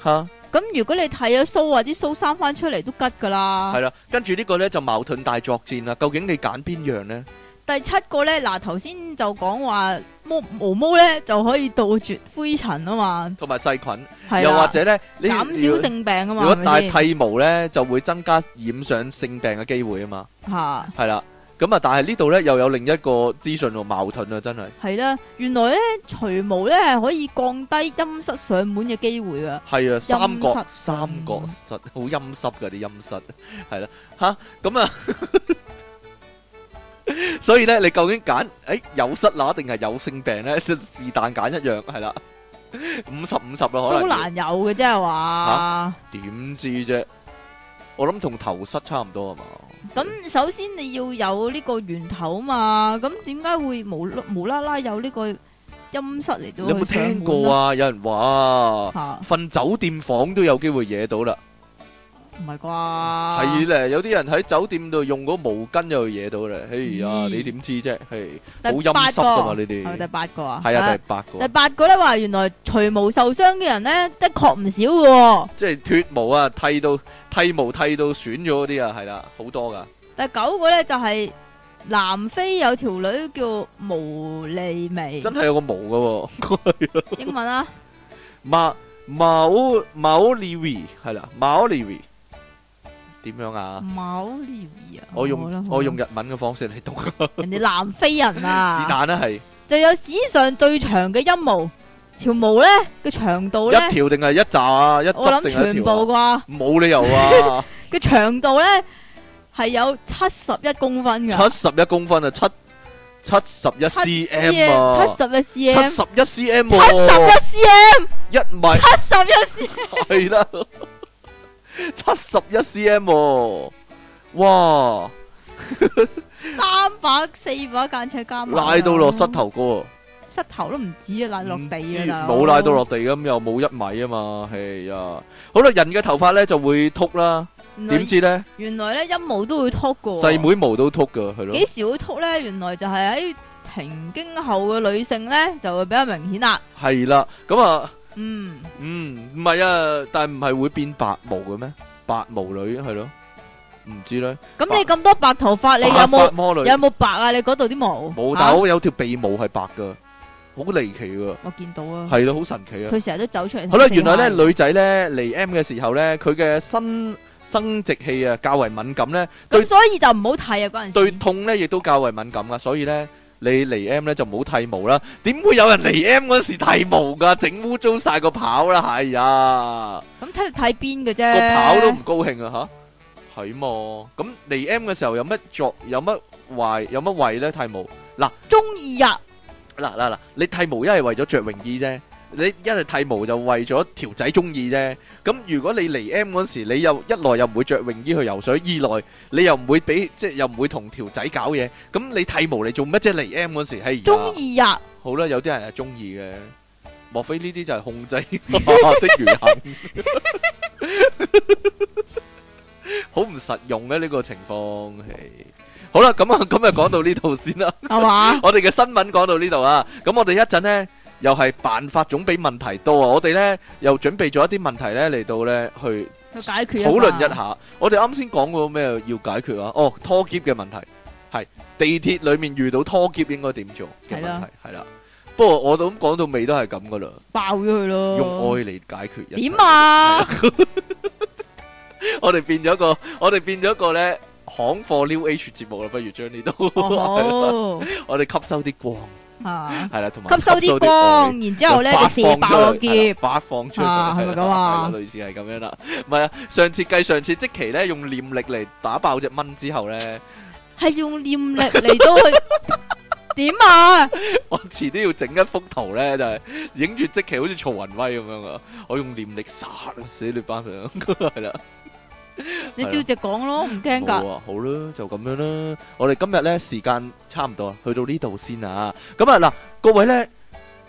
吓。咁如果你剃咗鬚啊，啲鬚生翻出嚟都吉噶啦。係啦，跟住呢個咧就矛盾大作戰啦。究竟你揀邊樣咧？第七個咧，嗱頭先就講話毛毛毛咧就可以杜絕灰塵啊嘛，同埋細菌，又或者咧減少性病啊嘛。如果大剃毛咧，就會增加染上性病嘅機會啊嘛。吓，係啦。咁啊！但係呢度咧又有另一個資訊同矛盾啊，真係係啦。原來咧除毛咧係可以降低陰濕上門嘅機會啊。係啊，三角，三角，好陰濕噶啲陰濕，係啦吓。咁啊，所以咧，你究竟揀誒有失乸定係有性病咧？是但揀一樣係啦，五十五十啦，可能都好難有嘅，真係話點知啫？我諗同頭虱差唔多吖嘛？咁、嗯、首先你要有呢個源頭嘛？咁點解會無無啦啦有呢個陰虱嚟到？有冇聽過啊？ 有人話瞓 酒店房都有機會惹到啦。唔係啩？係咧，有啲人喺酒店度用嗰毛巾又惹到咧。嘿呀，你點知啫？係好陰濕噶嘛？呢啲，第八個啊，係啊，第八個。第八個咧話，原來除毛受傷嘅人咧，的確唔少噶。即係脫毛啊，剃到剃毛剃到損咗嗰啲啊，係啦，好多噶。第九個咧就係南非有條女叫毛利薇，真係有個毛噶，英文啊，毛毛毛利薇，係啦，毛利薇。點樣啊？冇理由啊！我用我用日文嘅方式嚟讀。人哋南非人啊！是但啦係。就有史上最長嘅陰毛，條毛咧嘅長度咧？一條定係一紮啊？一，我諗全部啩？冇理由啊！嘅長度咧係有七十一公分嘅。七十一公分啊！七七十一 cm 啊！七十一 cm！七十一 cm！七十一 cm！一米。七十一 cm。係啦。七十一 cm，哇，三百四百間尺監拉到落膝頭哥，膝頭都唔止啊，拉落地啊，冇拉到落地，咁又冇一米啊嘛。係啊，好啦，人嘅頭髮咧就會禿啦，點知咧？原來咧陰毛都會禿噶，細妹毛都禿噶，係咯？幾時會禿咧？原來就係喺停經後嘅女性咧就會比較明顯啦。係啦，咁啊。嗯，嗯，唔係啊，但係唔係會變白毛嘅咩？白毛女係咯，唔知咧。咁你咁多白頭髮，你有冇有冇白啊？你嗰度啲毛冇，但係我有條鼻毛係白嘅，好離奇嘅。我見到啊，係咯，好神奇啊。佢成日都走出嚟。好啦，原來咧女仔咧嚟 M 嘅時候咧，佢嘅新生殖器啊較為敏感咧，對，所以就唔好睇啊嗰陣。對痛咧，亦都較為敏感噶，所以咧。你嚟 M 咧就冇剃毛啦，點會有人嚟 M 嗰時剃毛噶？整污糟曬個跑，啦，係呀。咁睇你睇邊嘅啫？個跑都唔高興啊，嚇係嘛？咁嚟 M 嘅時候有乜作有乜壞有乜位咧？剃毛嗱，鍾意呀！嗱嗱嗱，你剃毛一係為咗著泳衣啫。你一係剃毛就為咗條仔中意啫。咁如果你嚟 M 嗰時，你又一來又唔會着泳衣去游水，二來你又唔會俾即係又唔會同條仔搞嘢。咁你剃毛嚟做乜啫？嚟 M 嗰時係而家中意呀。好啦，有啲人係中意嘅。莫非呢啲就係控制我的餘憾？好唔實用咧？呢個情況。好啦，咁啊，咁啊，講到呢度先啦。係嘛？我哋嘅新聞講到呢度啊。咁我哋一陣呢。又係辦法總比問題多啊！我哋咧又準備咗一啲問題咧嚟到咧去解決、討論一下。我哋啱先講過咩要解決啊？哦，拖劫嘅問題係地鐵裏面遇到拖劫應該點做嘅問題係啦。不過我都講到尾都係咁噶啦，爆咗佢咯。用愛嚟解決。點啊？我哋變咗個，我哋變咗個咧行貨 New H 節目啦，不如將呢度，我哋吸收啲光。係啦，同、啊、吸收啲光，然之後咧就射爆個結，釋放出，係咪咁啊是是？類似係咁樣啦，唔係啊，上次計上次即奇咧用念力嚟打爆隻蚊之後咧，係用念力嚟到 去點啊？我遲啲要整一幅圖咧，就係影住即奇好似曹雲威咁樣啊！我用念力殺死你班佢啦，係 啦。你照直講咯，唔聽噶。好啊，好啦，就咁樣啦。我哋今日咧時間差唔多啊，去到呢度先啊。咁啊嗱，各位咧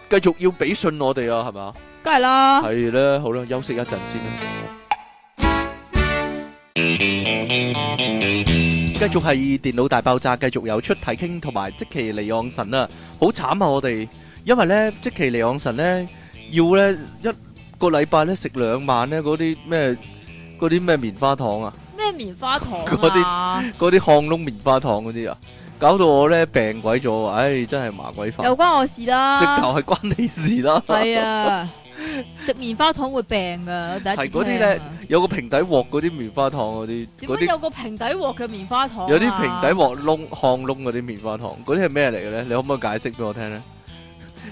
繼續要俾信我哋啊，係嘛？梗係啦。係啦，好啦，休息一陣先啦。繼續係電腦大爆炸，繼續有出體 king 同埋積淇離岸神啊！好慘啊，我哋因為咧積淇離岸神咧要咧一個禮拜咧食兩晚咧嗰啲咩？嗰啲咩棉花糖啊？咩棉花糖啊？嗰啲嗰啲炕燶棉花糖嗰啲啊，搞到我咧病鬼咗啊！唉，真係麻鬼煩。又關我事啦，直頭係關你事啦。係啊，食棉花糖會病噶。係嗰啲咧有個平底鑊嗰啲棉花糖嗰啲，點解有個平底鑊嘅棉花糖？有啲平底鑊燶炕燶嗰啲棉花糖，嗰啲係咩嚟嘅咧？你可唔可以解釋俾我聽咧？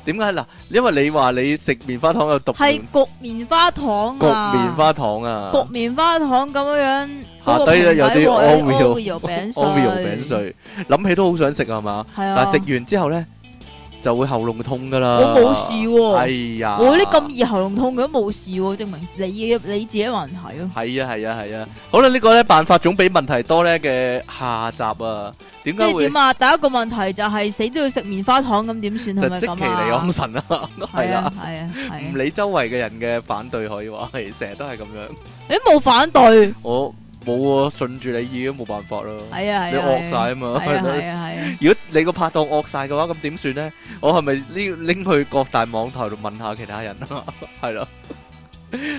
點解嗱？因為你話你食棉花糖有毒，係焗棉花糖啊！焗棉花糖啊！焗棉花糖咁樣樣，下低咧有啲安會肉安會肉餅碎，諗起都好想食啊，係嘛？但係食完之後咧，就會喉嚨痛噶啦，我冇事喎、啊，哎呀，我啲咁易喉嚨痛佢都冇事、啊，證明你你自己問題啊，係啊係啊係啊，好啦、這個、呢個咧辦法總比問題多咧嘅下集啊，點解會即係點啊？第一個問題就係死都要食棉花糖咁點算係咪咁啊？積淇離岸神啊，係啦，係啊，唔理周圍嘅人嘅反對，可以話係成日都係咁樣，你冇、欸、反對我。冇啊，順住你已經冇辦法咯。係啊係啊，你惡晒啊嘛。係啊係啊。如果你個拍檔惡晒嘅話，咁點算咧？我係咪呢拎去各大網台度問下其他人啊？係咯，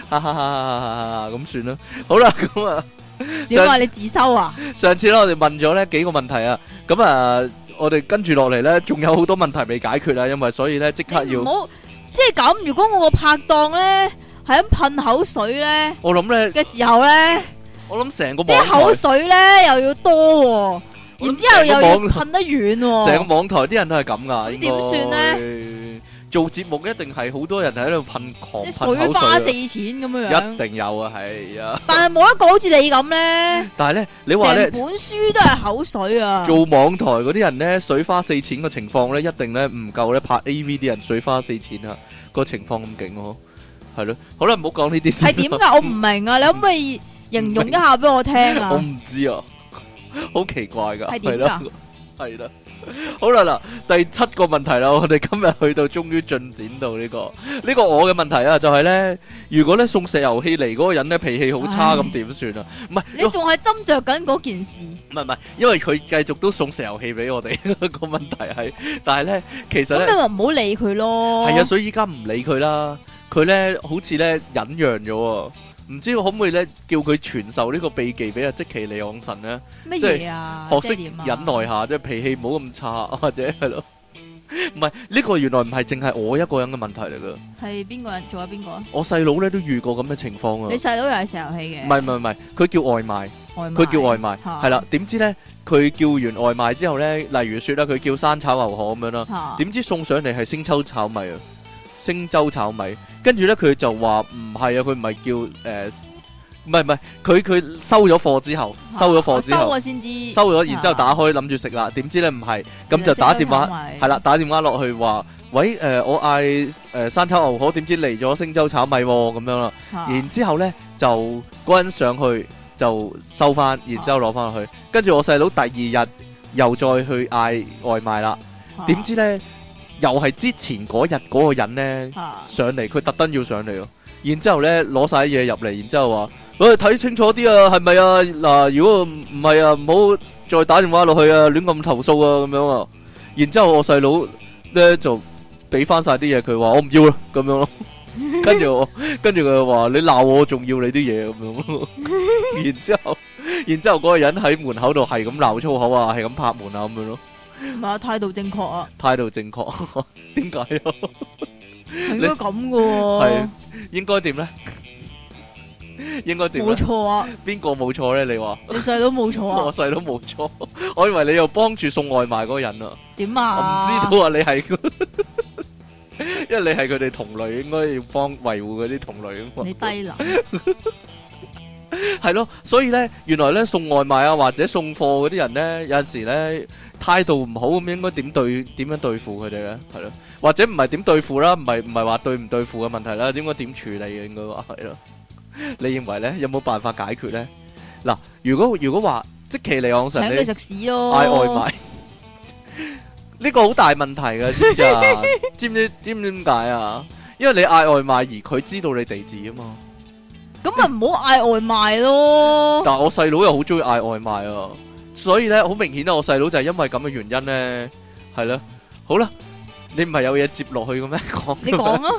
哈哈哈，咁算啦。好啦，咁啊，點話你自修啊？上次咧，我哋問咗呢幾個問題啊，咁啊，我哋跟住落嚟咧，仲有好多問題未解決啊，因為所以咧，即刻要唔好即係咁。如果我個拍檔咧係咁噴口水咧，我諗咧嘅時候咧。我諗成個網台啲口水咧又要多，然之後又要噴得遠。成個網台啲人都係咁噶，點算咧？做節目一定係好多人喺度噴狂噴口水，水花四錢咁樣樣，一定有啊，係啊。但係冇一個好似你咁咧。但係咧，你話咧，成本書都係口水啊。做網台嗰啲人咧，水花四錢嘅情況咧，一定咧唔夠咧拍 AV 啲人水花四錢啊，個情況咁勁哦，係咯。好啦，唔好講呢啲。係點噶？我唔明啊，你可唔可以？形容一下俾是我聽我啊！我唔知啊，好奇怪噶，係咯，係啦。好啦嗱，第七個問題啦，我哋今日去到終於進展到呢個呢個我嘅問題啊，就係咧，如果咧送石油氣嚟嗰個人咧脾氣好差，咁點算啊？唔係你仲係斟酌緊嗰件事？唔係唔係，因為佢繼續都送石油氣俾我哋個 問題係，但係咧其實咁你話唔好理佢咯，係啊，所以依家唔理佢啦，佢咧好似咧忍讓咗。唔知可唔可以咧叫佢傳授呢個秘技俾阿積淇離岸神咧，即係學識忍耐下，即係脾氣唔好咁差，或者係咯。唔係呢個原來唔係淨係我一個人嘅問題嚟噶。係邊個人做咗邊個？我細佬咧都遇過咁嘅情況啊。你細佬又係食油氣嘅？唔係唔係唔係，佢叫外賣，佢叫外賣係啦。點知咧佢叫完外賣之後咧，例如說啦，佢叫生炒牛河咁樣啦，點知送上嚟係星洲炒米啊！星洲炒米，跟住呢，佢就話唔係啊，佢唔係叫誒，唔係唔係，佢佢收咗貨之後，啊、收咗貨之後，啊、收咗，然之後打開諗住食啦，點知呢？唔係，咁就打電話，係啦，打電話落去話，喂誒、呃，我嗌誒、呃、生炒牛河，點知嚟咗星洲炒米喎、啊，咁樣啦，然之後，啊、後呢，就嗰人上去就收翻，然之後攞翻去，跟住、啊、我細佬第二日又再去嗌外賣啦，點知呢？又係之前嗰日嗰個人咧上嚟，佢特登要上嚟，然之後咧攞曬啲嘢入嚟，然之後話：喂，睇清楚啲啊，係咪啊？嗱，如果唔係啊，唔好再打電話落去啊，亂咁投訴啊，咁樣啊。然之後我細佬咧就俾翻曬啲嘢，佢話我唔要啦，咁樣咯。跟住我，跟住佢話：你鬧我，仲要你啲嘢咁樣咯。然之後，然之後嗰個人喺門口度係咁鬧粗口啊，係咁拍門啊，咁樣咯。唔係啊，態度正確啊，態度正確，點解啊？係 應該咁噶係應該點咧？應該點？冇 錯啊！邊個冇錯咧？你話你細佬冇錯啊？我細佬冇錯， 我以為你又幫住送外賣嗰個人啊？點啊？我唔知道啊？你係， 因為你係佢哋同類，應該要幫維護嗰啲同類啊嘛？ 你低能，係 咯，所以咧，原來咧送外賣啊或者送貨嗰啲人咧，有陣時咧。態度唔好咁，應該點對點樣對付佢哋咧？係咯，或者唔係點對付啦？唔係唔係話對唔對付嘅問題啦？應該點處理嘅應該話係咯？ 你認為咧有冇辦法解決咧？嗱，如果如果話積淇離岸神，你請佢食屎咯！嗌愛外賣呢 個好大問題嘅先 知， 知，知唔知知唔知點解啊？因為你嗌外賣而佢知道你地址啊嘛，咁咪唔好嗌外賣咯。道但係我細佬又好中意嗌外賣啊。所以咧，好明顯啦，我細佬就係因為咁嘅原因咧，係咯。好啦，你唔係有嘢接落去嘅咩？講你講啊，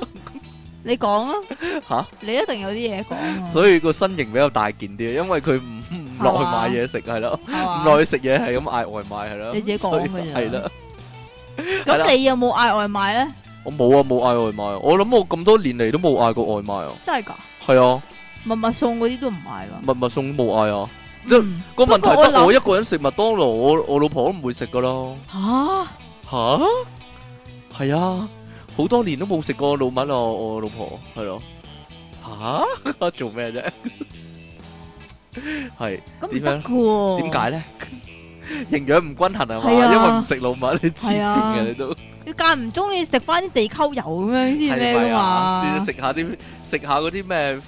你講啊。吓，你一定有啲嘢講。所以個身形比較大件啲，因為佢唔唔落去買嘢食，係咯，唔落去食嘢係咁嗌外賣，係咯。你自己講嘅啫。係啦。咁你有冇嗌外賣咧？我冇啊，冇嗌外賣。我諗我咁多年嚟都冇嗌過外賣啊。真係噶？係啊。默默送嗰啲都唔嗌啦。默默送冇嗌啊。個問題得我一個人食麥當勞，我我老婆都唔會食噶咯。吓吓，係啊，好多年都冇食過老麥咯。我老婆係咯，吓做咩啫？係點解？點解咧？營養唔均衡啊嘛，因為唔食老麥，你黐線嘅你都。你間唔中你食翻啲地溝油咁樣先咩嘛？食下啲食下嗰啲咩？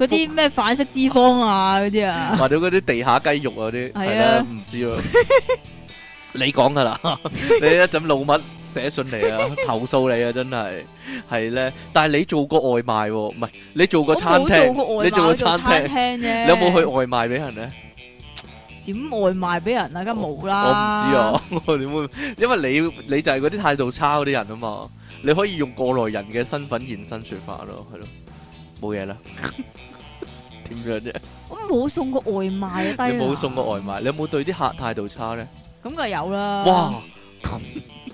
嗰啲咩反式脂肪啊，嗰啲啊，或者嗰啲地下雞肉啊啲，係啊，唔知咯，你講噶啦，你一陣老乜寫信嚟啊，投訴你啊，真係，係咧，但係你做過外賣喎，唔係你做過餐廳，你做過餐廳啫，你有冇去外賣俾人咧？點外賣俾人啊？梗冇啦，我唔知啊，我點會？因為你你就係嗰啲態度差嗰啲人啊嘛，你可以用過來人嘅身份現身說法咯，係咯，冇嘢啦。點樣啫？我冇 送過外賣啊，低你冇送過外賣， 你有冇對啲客態度差咧？咁梗有啦！哇，咁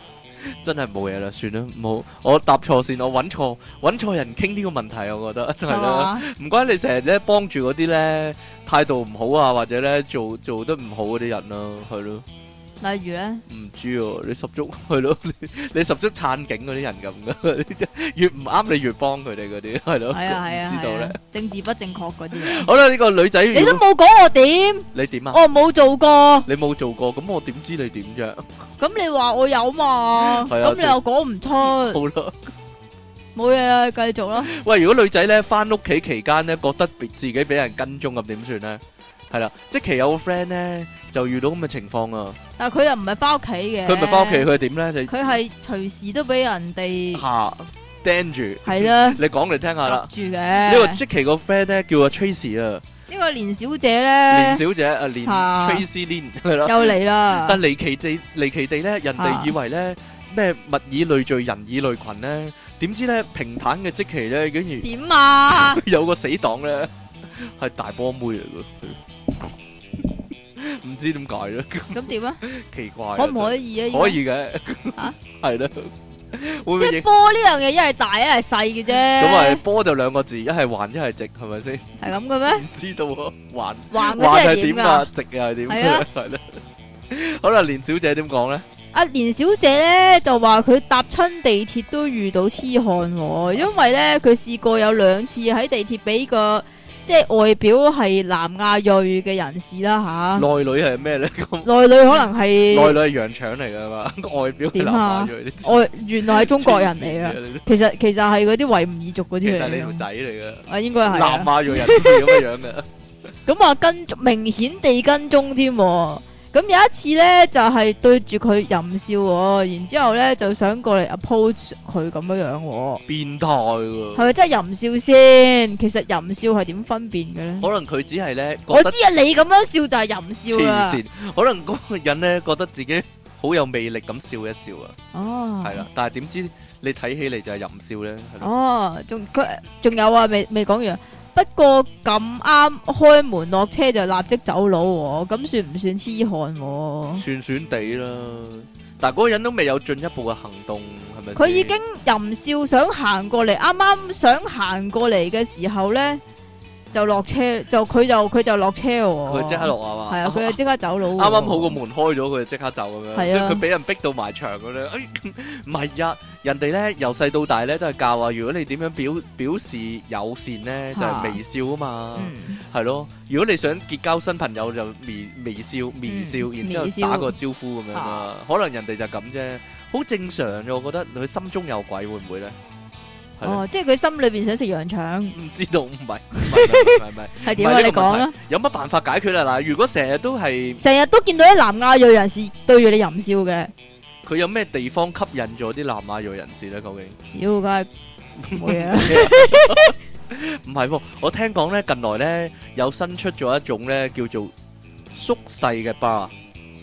真係冇嘢啦，算啦，冇我搭錯線，我揾錯揾錯人傾呢個問題，我覺得係啦，唔怪 吧你成日咧幫住嗰啲咧態度唔好啊，或者咧做做得唔好嗰啲人啦，啊，係咯。例如咧，唔知你十足係咯，你十足撐警嗰啲人咁噶，越唔啱你越幫佢哋嗰啲，係咯，唔知道咧，政治不正確嗰啲。好啦，呢個女仔，你都冇講我點，你點啊？我冇做過。你冇做過，咁我點知你點啫？咁你話我有嘛？咁你又講唔出，好啦，冇嘢啦，繼續啦。喂，如果女仔咧翻屋企期間咧覺得別自己俾人跟蹤咁點算咧？係啦，積淇有個 friend 咧就遇到咁嘅情況啊！但係佢又唔係翻屋企嘅，佢唔係翻屋企，佢係點咧？佢係隨時都俾人哋吓盯住，係啦，你講嚟聽下啦。住嘅呢個積淇個 friend 咧叫阿 Tracy 啊，呢個連小姐咧，連小姐阿、啊、連 Tracy 連係啦、啊，又嚟啦。但離奇地，離奇地咧，人哋以為咧咩、啊、物以類聚，人以類群咧，點知咧平坦嘅積淇咧，竟然點啊？ 有個死黨咧係大波妹嚟嘅。 唔知點解咯，咁點啊？ 奇怪了，可唔可以啊？在可以嘅，吓係啦。一 的波呢樣嘢一係大一係細嘅啫。咁啊，波就兩個字，一係橫一係直，係咪先？係咁嘅咩？唔知道啊，橫橫係點啊？直又係點啊？係啦的。是的 好啦，連小姐點講咧？阿、啊、連小姐咧就話佢搭親地鐵都遇到痴漢，因為咧佢試過有兩次喺地鐵俾個。即係外表係南亞裔嘅人士啦，吓、啊、內女係咩咧？內 女可能係內女係洋腸嚟噶嘛， 外表點啊？外原來係中國人嚟嘅。其實其實係嗰啲維吾爾族嗰啲嚟。仔嚟嘅。啊應該係南亞裔人咁嘅樣噶。咁啊跟明顯地跟蹤添。咁有一次咧，就係、是、對住佢淫笑，然之後咧就想過嚟 approach 佢咁樣樣喎，變態喎，係咪真係淫笑先？其實淫笑係點分辨嘅咧、啊？可能佢只係咧，我知啊，你咁樣笑就係淫笑啦。可能嗰個人咧覺得自己好有魅力咁笑一笑啊。哦，係啦，但係點知你睇起嚟就係淫笑咧？哦，仲佢仲有啊，未未講完。不過咁啱開門落車就立即走佬喎，咁算唔算痴漢喎？算算地啦，但係嗰人都未有進一步嘅行動，係咪？佢已經淫笑想行過嚟，啱啱想行過嚟嘅時候呢。就落車就佢就佢就落車喎、哦，佢即刻落啊嘛，佢、啊、就即刻，、哦啊啊、刻走佬。啱啱好個門開咗，佢就即刻走咁樣。係是啊，佢俾人逼到埋牆嗰啲，哎，唔係啊，人哋咧由細到大咧都係教啊，如果你點樣表表示友善咧就係、是、微笑啊嘛，係、啊、咯。如果你想結交新朋友就微微笑微笑，微笑嗯、然之後打個招呼咁樣咯。嗯、可能人哋就咁啫，好正常嘅。我覺得佢心中有鬼會唔會咧？哦，即係佢心裏邊想食羊腸，唔知道唔係，唔係唔係，係點啊？你講啊，有乜辦法解決啦？嗱，如果成日都係，成日都見到啲南亞裔人士對住你淫笑嘅，佢有咩地方吸引咗啲南亞裔人士咧？究竟？妖，佢係冇嘢啊！唔係，我聽講咧，近來咧有新出咗一種咧，叫做縮細嘅 bra，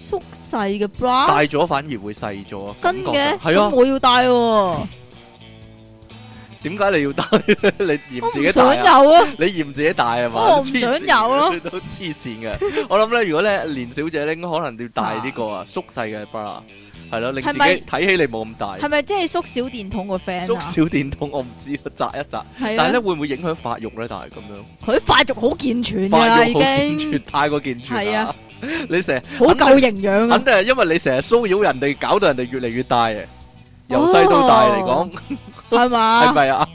縮細嘅 bra，戴咗反而會細咗，真嘅，都冇要戴。點解你要戴？你嫌自己想有啊！你嫌自己大係嘛？我唔想有咯。都黐線嘅，我諗咧，如果咧，連小姐咧，應該可能要戴呢個啊，縮細嘅 bra 係咯，令自己睇起嚟冇咁大。係咪即係縮小電筒個 friend？縮小電筒，我唔知紮一紮。係啊，但係咧會唔會影響發育咧？但係咁樣，佢發育好健全嘅已經。健全太過健全。係啊，你成日好夠營養。肯定係因為你成日騷擾人哋，搞到人哋越嚟越大啊！由細到大嚟講。係嘛？係咪啊？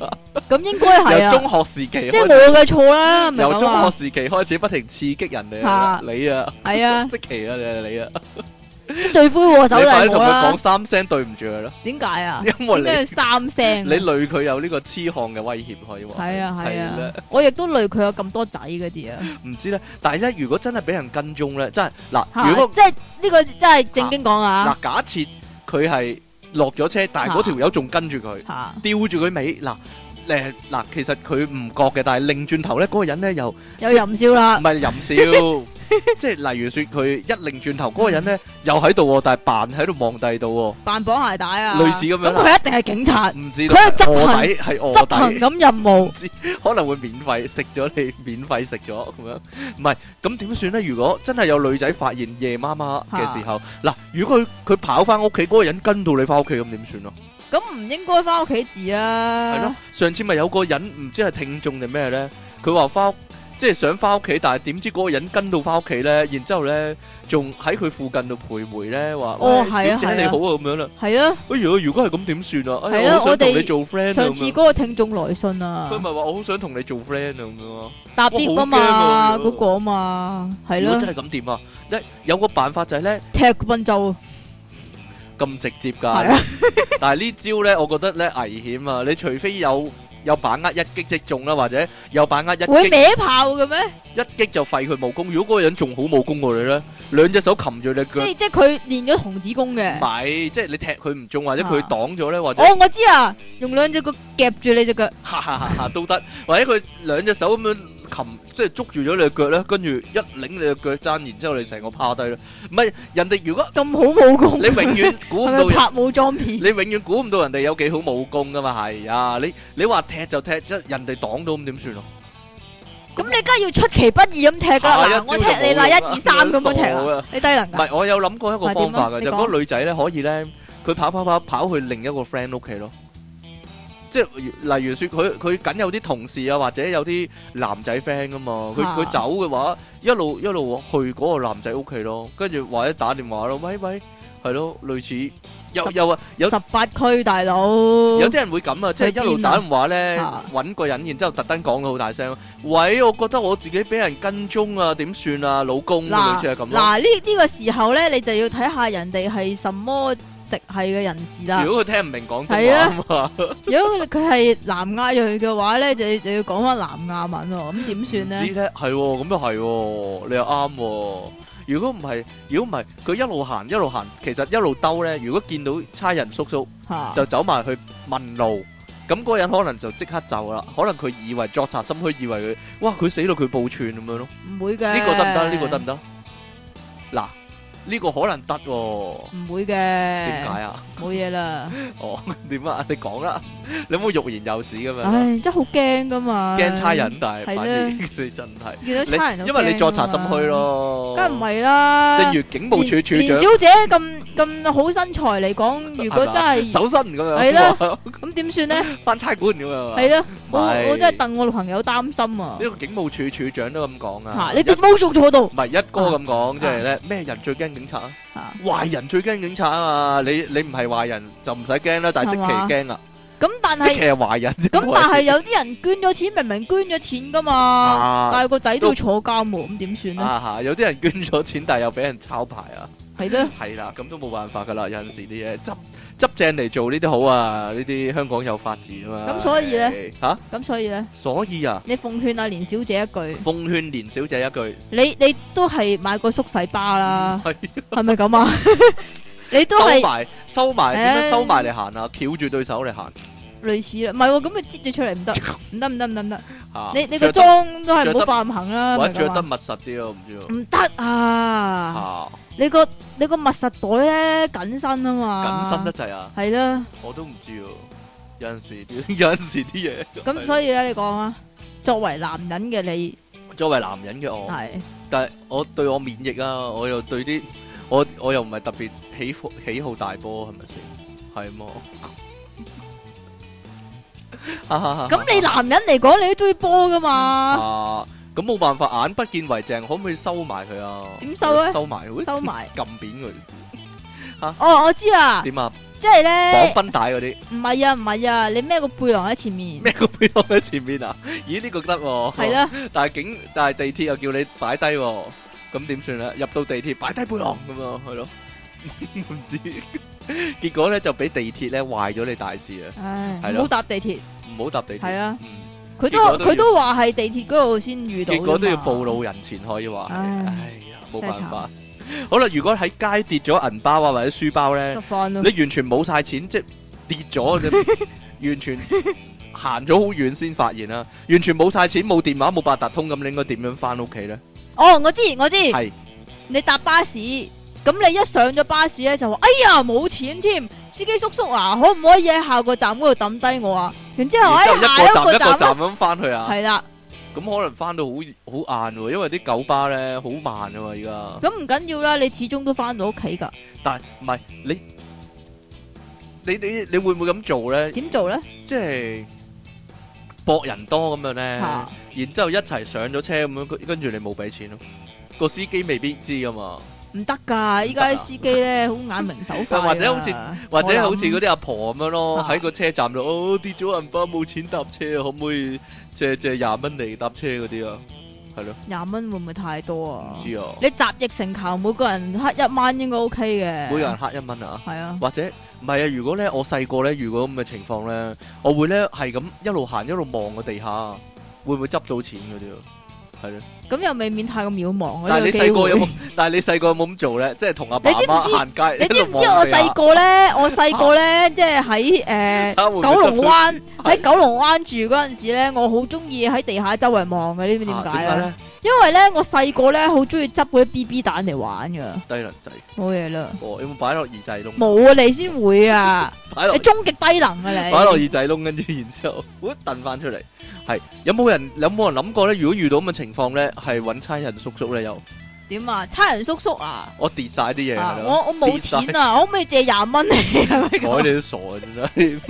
咁應該係啊！由中學時期，即係我嘅錯啦。由中學時期開始，不停刺激人哋，你啊，係啊，即奇啊，你啊，你啊，罪魁禍首就好啦。同佢講三聲對唔住佢咯。點解啊？因為三聲，你累佢有呢個痴漢嘅威脅可以話。係啊係啊，我亦都累佢有咁多仔嗰啲啊。唔知咧，但係咧，如果真係俾人跟蹤咧，真係嗱，如果即係呢個真係正經講啊。嗱，假設佢係。落咗車，但係嗰條友仲跟住佢，啊、吊住佢尾。嗱，誒嗱，其實佢唔覺嘅，但係擰轉頭咧，嗰、嗰個人咧又有淫笑啦，唔係淫笑。 即係例如說，佢一擰轉頭，嗰個人咧又喺度，但係扮喺度望第度，扮綁鞋帶啊，類似咁樣。咁佢一定係警察，唔知佢係臥底，係臥底咁任務，唔知可能會免費食咗你，免費食咗咁樣。唔係咁點算咧？如果真係有女仔發現夜媽媽嘅時候，嗱，如果佢佢跑翻屋企，嗰個人跟到你翻屋企，咁點算啊？咁唔應該翻屋企住啊？係咯，上次咪有個人唔知係聽眾定咩咧？佢話翻屋。即係想翻屋企，但係點知嗰個人跟到翻屋企咧，然之後咧，仲喺佢附近度徘徊咧，話哦，小姐你好啊，咁樣啦，係啊，哎呀，如果係咁點算啊？係啦，我哋上次嗰個聽眾來信啊，佢咪話我好想同你做 friend 啊，咁樣搭啲噶嘛，嗰個嘛，係咯，如果真係咁點啊？一有個辦法就係咧踢溫州，咁直接噶，但係呢招咧，我覺得咧危險啊，你除非有。有把握一擊即中啦，或者有把握一。會歪炮嘅咩？一擊就廢佢武功。如果嗰個人仲好武功過你咧，兩隻手擒住你腳。即係即係佢練咗童子功嘅。唔係，即係你踢佢唔中，或者佢擋咗咧，或者、啊。哦，我知啊，用兩隻腳夾住你隻腳。哈哈哈！都得，或者佢兩隻手咁樣。擒即係捉住咗你嘅腳咧，跟住一擰你嘅腳踭，然之後你成個趴低啦。唔係，人哋如果咁好武功，你永遠估唔到，拍武裝片，你永遠估唔到人哋有幾好武功噶嘛？係呀，你你話踢就踢，一人哋擋到咁點算啊？咁你梗係要出其不意咁踢啦，嗱我踢你嗱一二三咁樣踢啊，你低能唔係？我有諗過一個方法嘅，就嗰個女仔咧可以咧，佢跑跑跑跑去另一個 friend 屋企咯。即係例如說佢，佢梗有啲同事啊，或者有啲男仔 friend 噶嘛，佢、佢、啊、走嘅話，一路一路去嗰個男仔屋企咯，跟住或者打電話咯，喂，喂係咯，類似又又啊，有，十，有，有十八區大佬，有啲人會咁啊，即係一路、啊、打電話咧搵個人，然之後特登講好大聲喂，我覺得我自己俾人跟蹤啊，點算啊，老公咁啦樣先係咁。嗱，呢呢個時候咧，你就要睇下人哋係什麼。直系嘅人士啦，如果佢聽唔明廣東話，如果佢佢係南亞裔嘅話咧，就就要講翻南亞文喎，咁點算咧？知叻係喎，咁又係喎，你又啱喎。如果唔係，如果唔係，佢一路行一路行，其實一路兜咧。如果見到差人叔叔，就走埋去問路，咁嗰個人可能就即刻走啦。可能佢以為作賊心虛，以為佢哇，佢死到佢報串咁樣咯。唔會㗎。呢個得唔得？呢個得唔得？嗱。呢個可能得喎，唔會嘅，點解啊？冇嘢啦。哦，點啊？你講啦，你有冇欲言又止咁啊？唉，真係好驚噶嘛，驚差人，但係真係你因為你作賊心虛咯，梗係唔係啦？正如警務處處長，二小姐咁咁好身材嚟講，如果真係手伸咁樣，係咯，咁點算呢？翻差館咁樣，係咯，我我真係戥我朋友擔心啊！呢個警務處處長都咁講啊，你啲冇做錯到，唔係一哥咁講，即係咧咩人最驚？警察啊，壞人最驚警察啊嘛，你你唔係壞人就唔使驚啦，但係即其驚啊，咁、嗯、但係即其係壞人，咁、嗯、因為 但係有啲人捐咗錢，明明捐咗錢噶嘛，啊、但係個仔都要坐監喎、啊，咁點算咧？吓、啊啊，有啲人捐咗錢，但係又俾人抄牌啊，係咯的，係啦， 咁都冇辦法噶啦，有陣時啲嘢執。執正嚟做呢啲好啊，呢啲香港有法治啊嘛。咁所以咧嚇，咁、啊、所以咧，所以啊，你奉勸啊連小姐一句，奉勸連小姐一句，你你都係買個縮細巴啦，係咪咁啊？ 你都係收埋收埋，點樣收埋嚟行、嗯、啊？翹住對手嚟行。類似啦，唔係咁咪擠咗出嚟唔得，唔得唔得唔得唔得。你你個妝都係冇範行啦，或者着得密實啲咯，唔知啊。唔得啊！你個你個密實袋咧緊身啊嘛，緊身得滯啊。係咯。我都唔知哦，有陣時有陣時啲嘢。咁所以咧，你講啊，作為男人嘅你，作為男人嘅我，係，但係我對我免疫啊，我又對啲，我我又唔係特別喜喜好大波，係咪先？係麼？咁你男人嚟講，你都中意波噶嘛？啊，咁冇辦法，眼不見為淨，可唔可以收埋佢啊？點收咧？收埋，收埋，撳扁佢。吓，哦，我知啦。點啊？即係咧綁繃帶嗰啲？唔係啊，唔係啊，你孭個背囊喺前面？孭個背囊喺前面啊？咦，呢個得喎？係啦。但係警，但係地鐵又叫你擺低，咁點算啊？入到地鐵擺低背囊咁啊，係咯？唔知。結果咧就俾地鐵咧壞咗你大事啊！係唔好搭地鐵，唔好搭地鐵。係啊，佢都佢都話係地鐵嗰度先遇到。結果都要暴露人前，可以話係。哎呀，冇辦法。好啦，如果喺街跌咗銀包啊或者書包咧，你完全冇晒錢，即跌咗，完全行咗好遠先發現啦。完全冇晒錢，冇電話，冇八達通，咁你應該點樣翻屋企咧？哦，我知我知，係你搭巴士。咁你一上咗巴士咧，就話哎呀冇錢添，司機叔叔啊，可唔可以喺下個站嗰度抌低我啊？然之後喺下一個站咁翻去啊？係啦，咁可能翻到好好晏喎，因為啲九巴咧好慢啊嘛，而家咁唔緊要啦，你始終都翻到屋企噶。但係唔係你你你你會唔會咁做咧？點做咧？即係搏人多咁樣咧，然之後一齊上咗車咁樣，跟住你冇俾錢咯，個司機未必知噶嘛。唔得噶，依家啲司機咧好 眼明手快，或者好似，或者好似嗰啲阿婆咁樣咯，喺想個車站度、啊、哦跌咗銀包冇錢搭車，可唔可以借借廿蚊嚟搭車嗰啲啊？係咯，廿蚊會唔會太多啊？唔知啊，你集腋成裘，每個人黑一蚊應該 OK 嘅。每個人黑一蚊啊？係啊 的。或者唔係啊？如果咧我細個咧，如果咁嘅情況咧，我會咧係咁一路行一路望個地下，會唔會執到錢嗰啲啊？係咯，咁又未免太咁渺茫，但係你細個有冇？但係你細個有冇咁 做咧？即係同阿爸行街，你知唔知？你知唔知我細個咧？我細個咧，即係喺誒九龍灣喺九龍灣住嗰陣時咧，我好中意喺地下周圍望嘅，呢邊點解咧？啊 因為咧，我細個咧好中意執嗰啲 B B 蛋嚟玩噶。低能仔。冇嘢啦。哦，有冇擺落耳仔窿？冇啊，你先會啊。擺落。你終極低能啊你。擺落耳仔窿，跟住然之後，一噔翻出嚟，係有冇人有冇人諗過咧？如果遇到咁嘅情況咧，係搵差人叔叔嚟又點啊？差人叔叔啊？我跌晒啲嘢。我我冇錢啊！我可唔可以借廿蚊你？我哋都傻啊真係。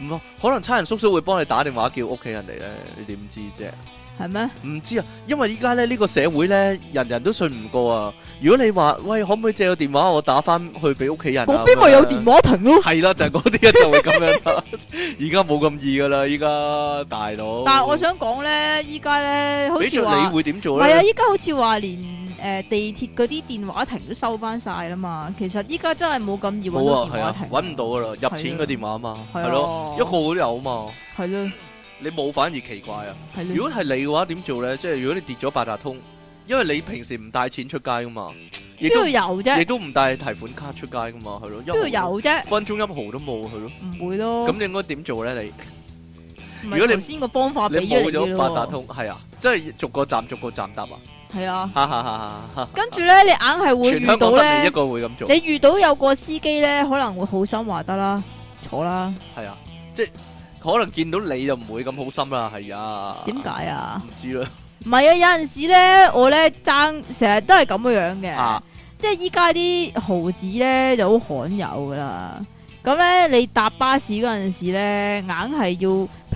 唔可能差人叔叔會幫你打電話叫屋企人嚟咧，你點知啫？係咩？唔知啊，因為依家咧呢個社會咧，人人都信唔過啊。如果你話喂，可唔可以借個電話我打翻去俾屋企人？我邊咪有電話亭咯？係啦，就嗰啲咧就會咁樣啦。而家冇咁易噶啦，依家大佬。但係我想講咧，依家咧好似話你會點做咧？係啊，依家好似話連誒地鐵嗰啲電話亭都收翻晒啦嘛。其實依家真係冇咁易搵個電話亭。搵唔到噶啦，入錢嘅電話嘛，係咯，一個都有啊嘛。係咯。你冇，反而奇怪啊！如果係你嘅話，點做咧？即係如果你跌咗八達通，因為你平時唔帶錢出街噶嘛，亦都亦都唔帶提款卡出街噶嘛，係咯，都要有啫，分鐘一毫都冇，係咯，唔會咯。咁你應該點做咧？你如果你先個方法，你冇咗八達通，係啊，即係逐個站逐個站搭啊，係啊，跟住咧，你硬係會遇到一個會咁做，你遇到有個司機咧，可能會好心話得啦，坐啦，係啊，即係。可能見到你就唔會咁好心啦，係啊？點解啊？唔知啦。唔係啊，有陣時咧，我咧爭成日都係咁嘅樣嘅，啊、即係依家啲毫子咧就好罕有噶啦。咁咧，你搭巴士嗰陣時咧，硬係要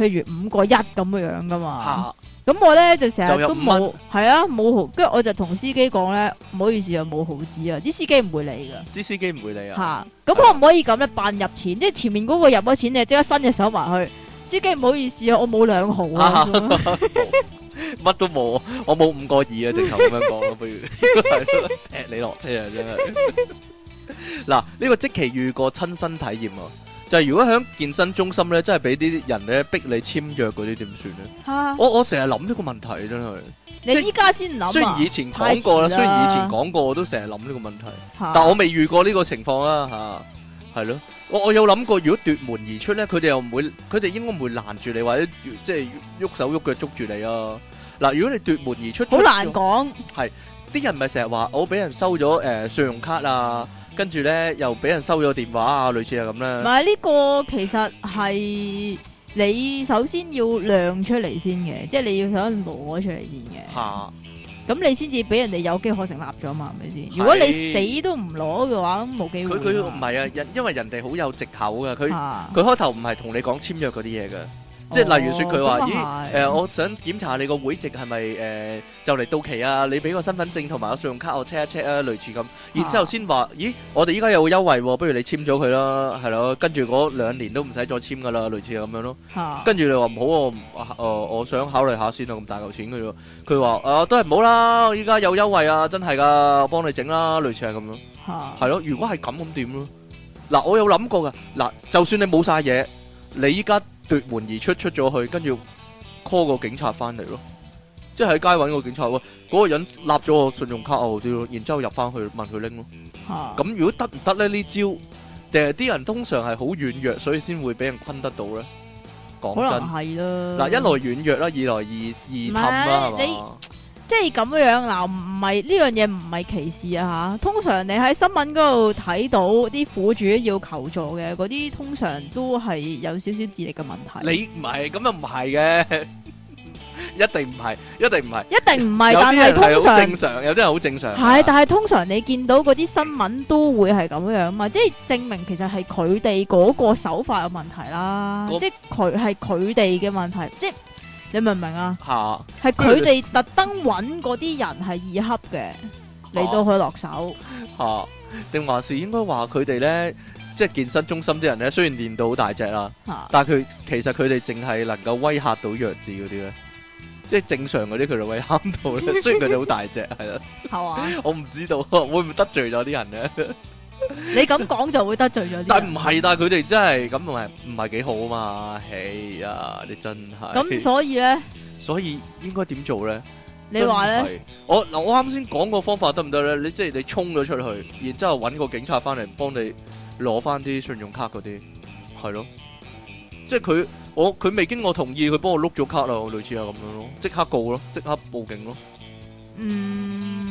譬如五個一咁嘅樣噶嘛。啊。咁我咧就成日都冇，係啊冇毫，跟住我就同司機講咧，唔好意思啊，冇毫子啊，啲司機唔會理噶，啲司機唔會理啊。吓，咁可唔可以咁咧？扮入錢，啊、即係前面嗰個入咗錢，你即刻伸隻手埋去。司機唔好意思啊，我冇兩毫啊，乜都冇，我冇五個二啊，直頭咁樣講咯， 不如 踢你落車啊，真係。嗱， 呢、呢個即期遇過親身體驗啊！就如果喺健身中心咧，真係俾啲人咧逼你簽約嗰啲點算咧？我我成日諗呢個問題真係。你依家先諗啊！雖然以前講過啦，雖然以前講過，我都成日諗呢個問題。哈但我未遇過呢個情況啦，嚇係咯。我我有諗過，如果奪門而出咧，佢哋又唔會，佢哋應該唔會攔住你，或者即係喐手喐腳捉住你啊！嗱、啊，如果你奪門而出，好難講。係啲人咪成日話我俾人收咗誒信用卡啊！跟住咧，又俾人收咗電話啊，類似係咁啦。唔係，呢個其實係你首先要亮出嚟先嘅，即係你要想攞出嚟先嘅。嚇哈！咁你先至俾人哋有機可成立咗嘛，係咪先？如果你死都唔攞嘅話，咁冇機會。佢佢唔係啊，因因為人哋好有藉口㗎，佢佢哈開頭唔係同你講簽約嗰啲嘢㗎。即係例如説，佢話：咦誒，我想檢查下你個會籍係咪誒就嚟到期啊？你俾個身份證同埋個信用卡，我 check 一 check 啊，類似咁。然之後先話：咦，我哋依家有個優惠，不如你簽咗佢啦，係咯？跟住嗰兩年都唔使再簽噶啦，類似咁樣咯。嚇！跟住你話唔好啊，誒，我想考慮下先啊，咁大嚿錢嘅啫。佢話：誒，都係唔好啦，依家有優惠啊，真係㗎，我幫你整啦，類似係咁咯。嚇！係咯，如果係咁咁點咧？嗱，我有諗過㗎。嗱，就算你冇晒嘢，你依家。奪門而出，出咗去，跟住 call 個警察翻嚟咯，即係喺街揾個警察喎，嗰個人立咗個信用卡啊，好然之後入翻去問佢拎咯，嚇，咁如果得唔得咧？呢招，定係啲人通常係好軟弱，所以先會俾人坤得到咧。講真係啦，嗱，一來軟弱啦，二來二二氹啦，係嘛？是吧即係咁樣，嗱，唔係呢樣嘢唔係歧視啊吓。通常你喺新聞嗰度睇到啲苦主要求助嘅嗰啲，通常都係有少少智力嘅問題。你唔係咁又唔係嘅，一定唔係，一定唔係，一定唔係。有啲係好正常，通常有啲人好正常。係是，但係通常你見到嗰啲新聞都會係咁樣嘛， 即係證明其實係佢哋嗰個手法有問題啦，我 即係佢係佢哋嘅問題，即係。你明唔明啊？係，係佢哋特登揾嗰啲人係易恰嘅嚟到去落手，啊？定還是應該話佢哋咧，即係健身中心啲人咧，雖然練到好大隻啦，啊、但係佢其實佢哋淨係能夠威嚇到弱智嗰啲咧，即係正常嗰啲佢就會恰到咧。 雖然佢哋 了好大隻，係啦。係啊， 我唔知道，會唔會得罪咗啲人咧？ 你咁講就會得罪咗啲人， 但係唔係，但係佢哋真係咁同係唔係幾好啊嘛，哎呀、啊，你真係咁所以咧，所以應該點做咧？你話咧，我嗱，我啱先講個方法得唔得咧？你即係你衝咗出去，然之後搵個警察翻嚟幫你攞翻啲信用卡嗰啲，係咯，即係佢我佢未經我同意，佢幫我碌咗卡咯，類似係咁樣咯，即刻告咯，即刻報警咯。嗯。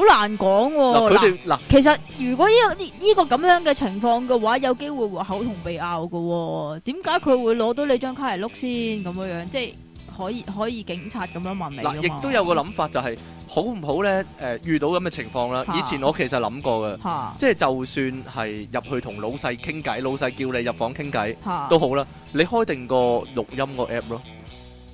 好難講喎，其實如果呢個呢呢個咁樣嘅情況嘅話，有機會會口同鼻拗嘅，點解佢會攞到你張卡嚟碌先咁樣樣？即係可以可以警察咁樣問你話。亦都有個諗法就係、是、好唔好呢？誒、呃，遇到咁嘅情況啦，哈以前我其實諗過嘅，哈即係就算係入去同老細傾偈，老細叫你入房傾偈哈都好啦，你開定個錄音個 app 咯。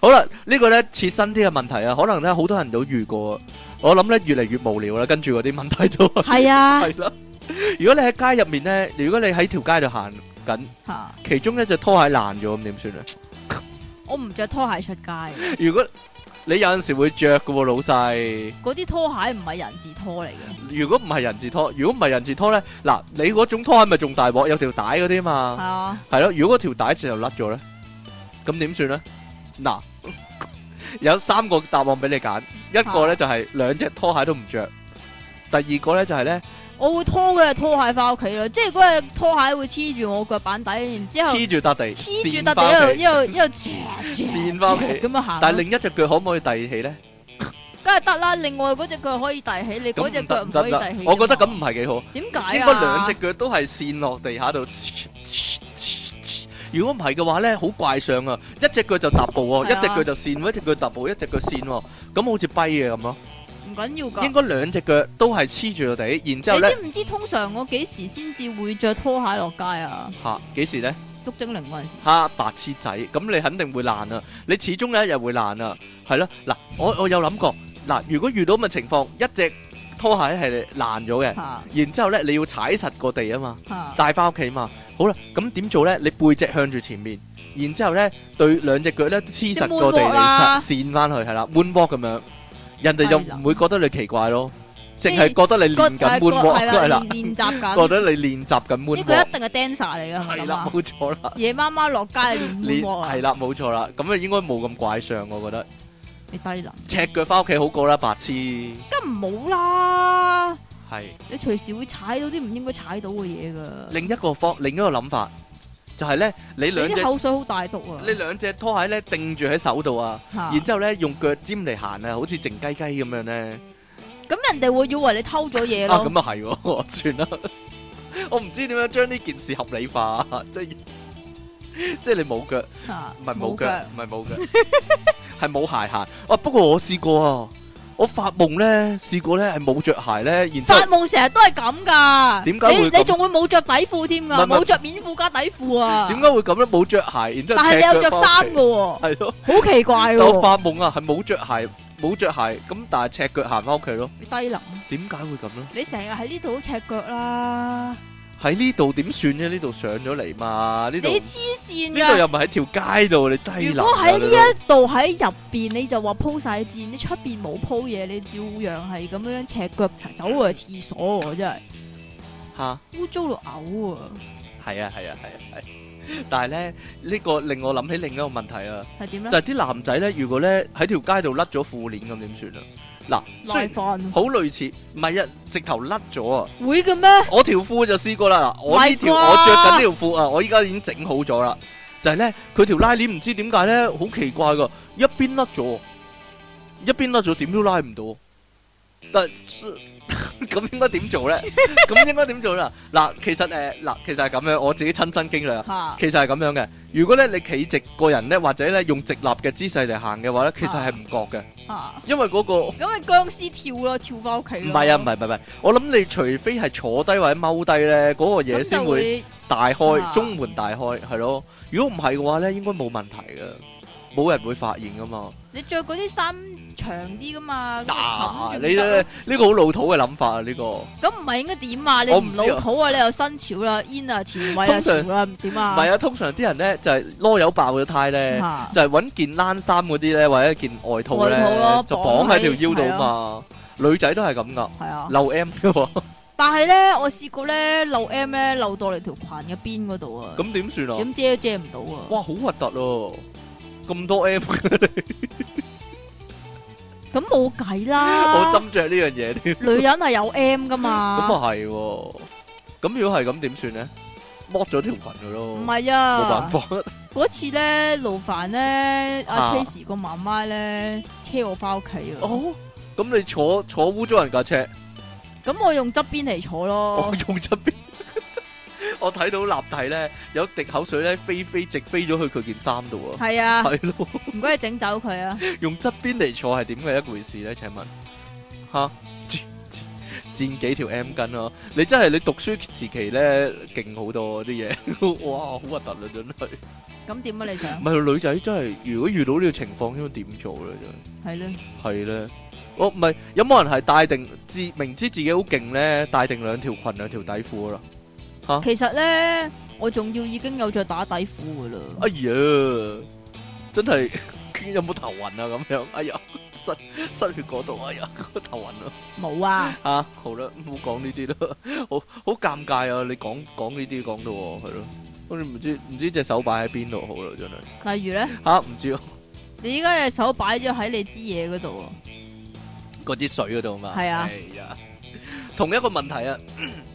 好啦，呢個咧切身啲嘅問題啊，可能咧好多人都遇過。我諗咧越嚟越無聊啦，跟住嗰啲問題都係啊。係啦，如果你喺街入面咧，如果你喺條街度行緊，吓，其中一隻拖鞋爛咗咁點算啊？我唔着拖鞋出街。如果你有陣時會着㗎喎，老細。嗰啲拖鞋唔係人字拖嚟嘅。如果唔係人字拖，如果唔係人字拖咧，嗱，你嗰種拖鞋咪仲大鑊，有條帶嗰啲嘛。係啊。係咯，如果條帶又甩咗咧，咁點算咧？嗱，有三個答案俾你揀，一個咧就係、是、兩隻拖鞋都唔着；第二個咧就係、是、咧，我會拖隻拖鞋翻屋企咯，即係嗰隻拖鞋會黐住我腳板底，然之後黐住笪地，黐住笪地，一路一路斜斜，跣翻屋企咁樣行。 家但係另一隻腳可唔可以遞起咧？梗係得啦，另外嗰隻腳可以遞起，你嗰隻腳唔可以遞起。行我覺得咁唔係幾好，點解啊？應該兩隻腳都係跣落地下度。如果唔係嘅話咧，好怪相啊！一隻腳就踏步喎，一隻腳就跣，一隻腳踏步，一隻腳跣喎，咁好似跛嘅咁咯。唔緊要㗎，應該兩隻腳都係黐住個地，然之後咧，你知唔知通常我幾時先至會着拖鞋落街啊？吓、啊，幾時咧？捉精靈嗰陣時。吓，白痴仔，咁你肯定會爛啊！你始終有一日會爛啊，係咯？嗱，我我有諗過，嗱、啊，如果遇到咁嘅情況，一隻拖鞋係爛咗嘅，啊、然之後咧，你要踩實個地啊嘛，帶翻屋企啊嘛。好啦，咁點做咧？你背脊向住前面，然之後咧對兩隻腳咧黐實個地嚟伸，扇翻去係啦，彎波咁樣，人哋就唔會覺得你奇怪咯，淨係覺得你練緊彎波係啦，練習緊，覺得你練習緊彎波。呢個一定係 Dancer 嚟噶，係嘛？冇錯啦，夜媽媽落街練彎波啊！係啦，冇錯啦，咁啊應該冇咁怪相，我覺得你低能，赤腳翻屋企好過啦，白痴。咁唔好啦。係，你隨時會踩到啲唔應該踩到嘅嘢噶。另一個方，另一個諗法就係咧，你兩你啲口水好大毒啊！你兩隻拖鞋咧，定住喺手度啊，然之後咧用腳尖嚟行啊，好似靜雞雞咁樣咧。咁人哋會以為你偷咗嘢咯。啊，咁啊係，算啦。我唔知點樣將呢件事合理化，即係即係你冇腳，唔係冇腳，唔係冇腳，係冇鞋行。哦，不過我試過啊。我發夢咧，試過咧係冇着鞋咧，然發夢成日都係咁噶，點解你你仲會冇着底褲添噶，冇着面褲加底褲啊？點解 會咁咧？冇着鞋，然之但係你有着衫噶，係咯、 哦，好奇怪喎、哦！ 我發夢啊，係冇着鞋，冇着鞋咁，但係赤腳行翻屋企咯，你低能？點解會咁咧？你成日喺呢度赤腳啦。喺呢度點算啫？呢度上咗嚟嘛？呢度你黐線，呢度又唔係喺條街度你低樓、啊。如果喺呢一度喺入邊，你,面你就話鋪晒戰，你出邊冇鋪嘢，你照樣係咁樣赤腳走去廁所我蛤啊！真係吓污糟到嘔啊！係啊係啊係啊係！啊 但係咧呢、呢個令我諗起另一個問題啊，係點咧？就係啲男仔咧，如果咧喺條街度甩咗褲鏈咁點算啊？嗱，好類似，唔係啊，直頭甩咗啊！會嘅咩？我條褲就試過啦，我呢條我着緊呢條褲啊，我依家已經整好咗啦，就係咧佢條拉鏈唔知點解咧，好奇怪嘅，一邊甩咗，一邊甩咗點都拉唔到。但咁 應該點做咧？咁應該點做呢啦？嗱，其實誒，嗱、呃，其實係咁樣，我自己親身經歷啊吓。其實係咁樣嘅。如果咧你企直個人咧，或者咧用直立嘅姿勢嚟行嘅話咧，其實係唔覺嘅。啊，因為嗰、嗰個咁係僵屍跳咯，跳翻屋企。唔係啊，唔係唔係，我諗你除非係坐低或者踎低咧，嗰、嗰個嘢先會大開，啊、中門大開，係咯。如果唔係嘅話咧，應該冇問題嘅。冇人會發現噶嘛？你着嗰啲衫長啲噶嘛？嗱，你咧呢個好老土嘅諗法啊！呢個咁唔係應該點啊？你唔老土啊？你又新潮啦，煙啊，潮，咪啊，潮啦，點啊？唔係啊，通常啲人咧就係囉柚爆咗呔咧，就係搵件冷衫嗰啲咧，或者一件外套咧，就綁喺條腰度嘛。女仔都係咁噶，漏 M 㗎喎。但係咧，我試過咧漏 M 咧漏到嚟條裙嘅邊嗰度啊。咁點算啊？咁遮都遮唔到啊！哇，好核突咯～咁多 M 咁冇計啦！我斟着呢樣嘢添，女人係有 M 噶嘛？咁 啊係，咁如果係咁點算咧？剝咗條裙佢咯，唔係啊，冇辦法，啊。嗰次咧，勞煩咧，阿 Chase 個媽媽咧車我翻屋企啊！哦，咁、嗯、你坐坐污糟人架車，咁我用側邊嚟坐咯，我、哦、用側邊。我睇到立體咧，有滴口水咧飛飛直飛咗去佢件衫度啊！係啊，係咯，唔該你整走佢啊！用側邊嚟坐係點嘅一回事咧？請問吓，占占幾條 M 巾咯？你真係你讀書時期咧勁好多啲嘢，哇，好核突啦，真係。咁點啊？你想？唔係女仔真係，如果遇到呢個情況，應該點做咧？真係係咧，係咧。我唔係有冇人係帶定自明知自己好勁咧，帶定兩條裙兩條底褲啦？其實咧，我仲要已經有着打底褲噶啦。哎呀，真係 有冇頭暈啊？咁、哎、樣，哎呀，失失血嗰度，哎呀，頭暈咯。冇啊。吓、啊啊，好啦，唔好講呢啲咯。好好尷尬啊！你講講呢啲講到，係咯，我唔知唔知隻手擺喺邊度好啦，真係。例如咧？吓，唔知啊。知你依家隻手擺咗喺你支嘢嗰度啊？嗰支水嗰度嘛？係啊。係啊。同一個問題啊。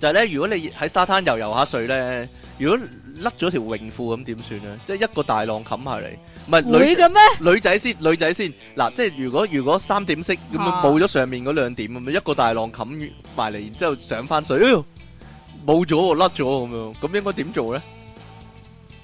就係咧，如果你喺沙灘游游下水咧，如果甩咗條泳褲咁點算咧？即係一個大浪冚下嚟，唔係女嘅咩？女，女仔先，女仔先。嗱，即係如果如果三點式咁冇咗上面嗰兩點咁，一個大浪冚埋嚟，然之後上翻水，哎唷，冇咗，甩咗咁樣，咁應該點做咧？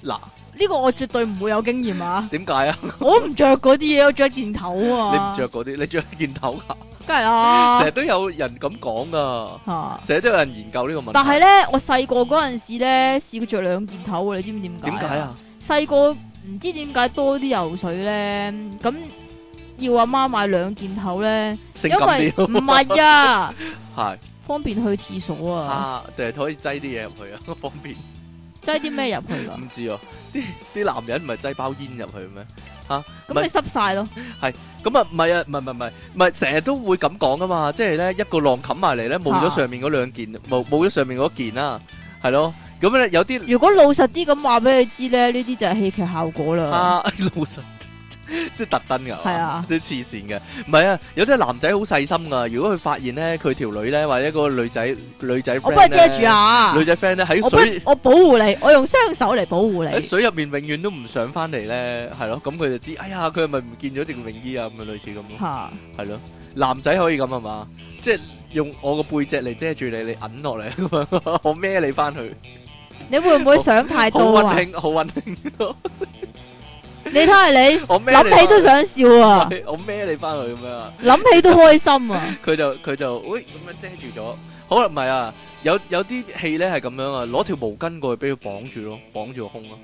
嗱。呢個我絕對唔會有經驗啊！點解啊？我唔着嗰啲嘢，我着一件頭啊！你唔着嗰啲，你着一件頭啊？梗係啦，成日都有人咁講噶，成日、啊、都有人研究呢個問題。但係咧，我細個嗰陣時咧，試過着兩件頭啊！你知唔知點解？點解啊？細個唔知點解多啲游水咧，咁要阿媽買兩件頭咧，啊、因為唔係啊，係 是方便去廁所啊，就係、啊、可以擠啲嘢入去啊，方便。擠啲咩入去咯？唔知、哦、啊？啲啲男人唔係擠包煙入去咩？吓不，咁咪濕晒咯。係，咁啊唔係啊，唔係唔係唔係，成日都會咁講噶嘛。即係咧一個浪冚埋嚟，咧冇咗上面嗰兩件，冇冇咗上面嗰件啊，係咯，咁咧有啲如果老實啲咁話俾你知咧，呢啲就係戲劇效果啦。啊，老實。即係特登噶，係啊，啲黐線嘅，唔係啊！有啲男仔好細心噶，如果佢發現咧，佢條女咧或者嗰個女仔，女仔，我不遮住啊，女仔 friend 咧喺水，我保護你，我用雙手嚟保護你，喺水入面永遠都唔想翻嚟咧，係咯，咁佢就知，哎呀，佢係咪唔見咗件泳衣啊？咁啊類似咁咯，係咯，男仔可以咁係嘛，即係用我個背脊嚟遮住你，你揞落嚟，我孭你翻去，你會唔會想太多啊？好穩定，好穩定。你睇下你，我諗起都想笑啊！我孭你翻去咁樣啊，諗起都開心啊！佢就佢就，喂，咁樣遮住咗，好啦，唔係啊，有有啲戲咧係咁樣啊，攞條毛巾過去俾佢綁住咯，綁住個胸咯，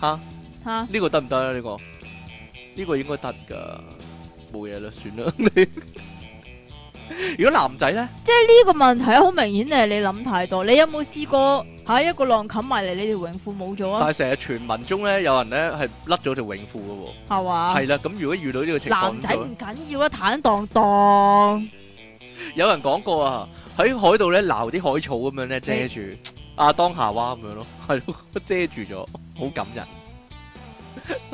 吓吓，呢個得唔得啊？呢個呢個應該得噶，冇嘢啦，算啦，你。 如果男仔咧，即係呢個問題好明顯咧，你諗太多。你有冇試過喺一個浪冚埋嚟，你條泳褲冇咗啊？但係成日傳聞中咧，有人咧係甩咗條泳褲㗎喎。係嘛吧？係啦，咁如果遇到呢個情況，男仔唔緊要啦，坦蕩蕩。 有人講過啊，喺海度咧撈啲海草咁樣咧遮住阿的、啊、當夏娃咁樣咯，係 咯遮住咗，好感人。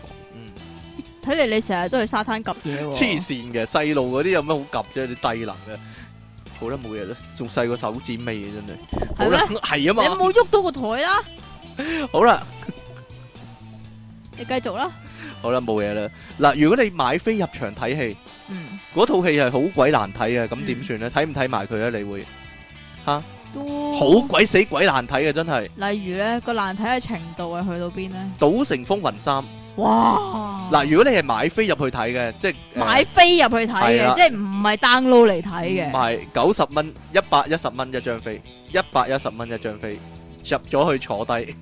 睇嚟你成日都去沙灘 𥨊 嘢喎！黐線嘅細路嗰啲有咩好 𥨊 啫？啲低能嘅。好啦冇嘢啦，仲細個手指尾啊真係，係咩？係啊嘛，你有冇喐到個台啦？好啦，你繼續啦。好啦冇嘢啦，嗱如果你買飛入場睇戲，嗯，嗰套戲係好鬼難睇啊，咁點算咧？睇唔睇埋佢咧？你會吓？都好鬼死鬼難睇嘅真係。例如咧個難睇嘅程度係去到邊咧？《賭城風雲三》。哇！嗱，如果你係買飛入去睇嘅，即係、呃、買飛入去睇嘅，了即係唔係 download 嚟睇嘅。唔係九十蚊，一百一十蚊一張飛，一百一十蚊一張飛入咗去坐低，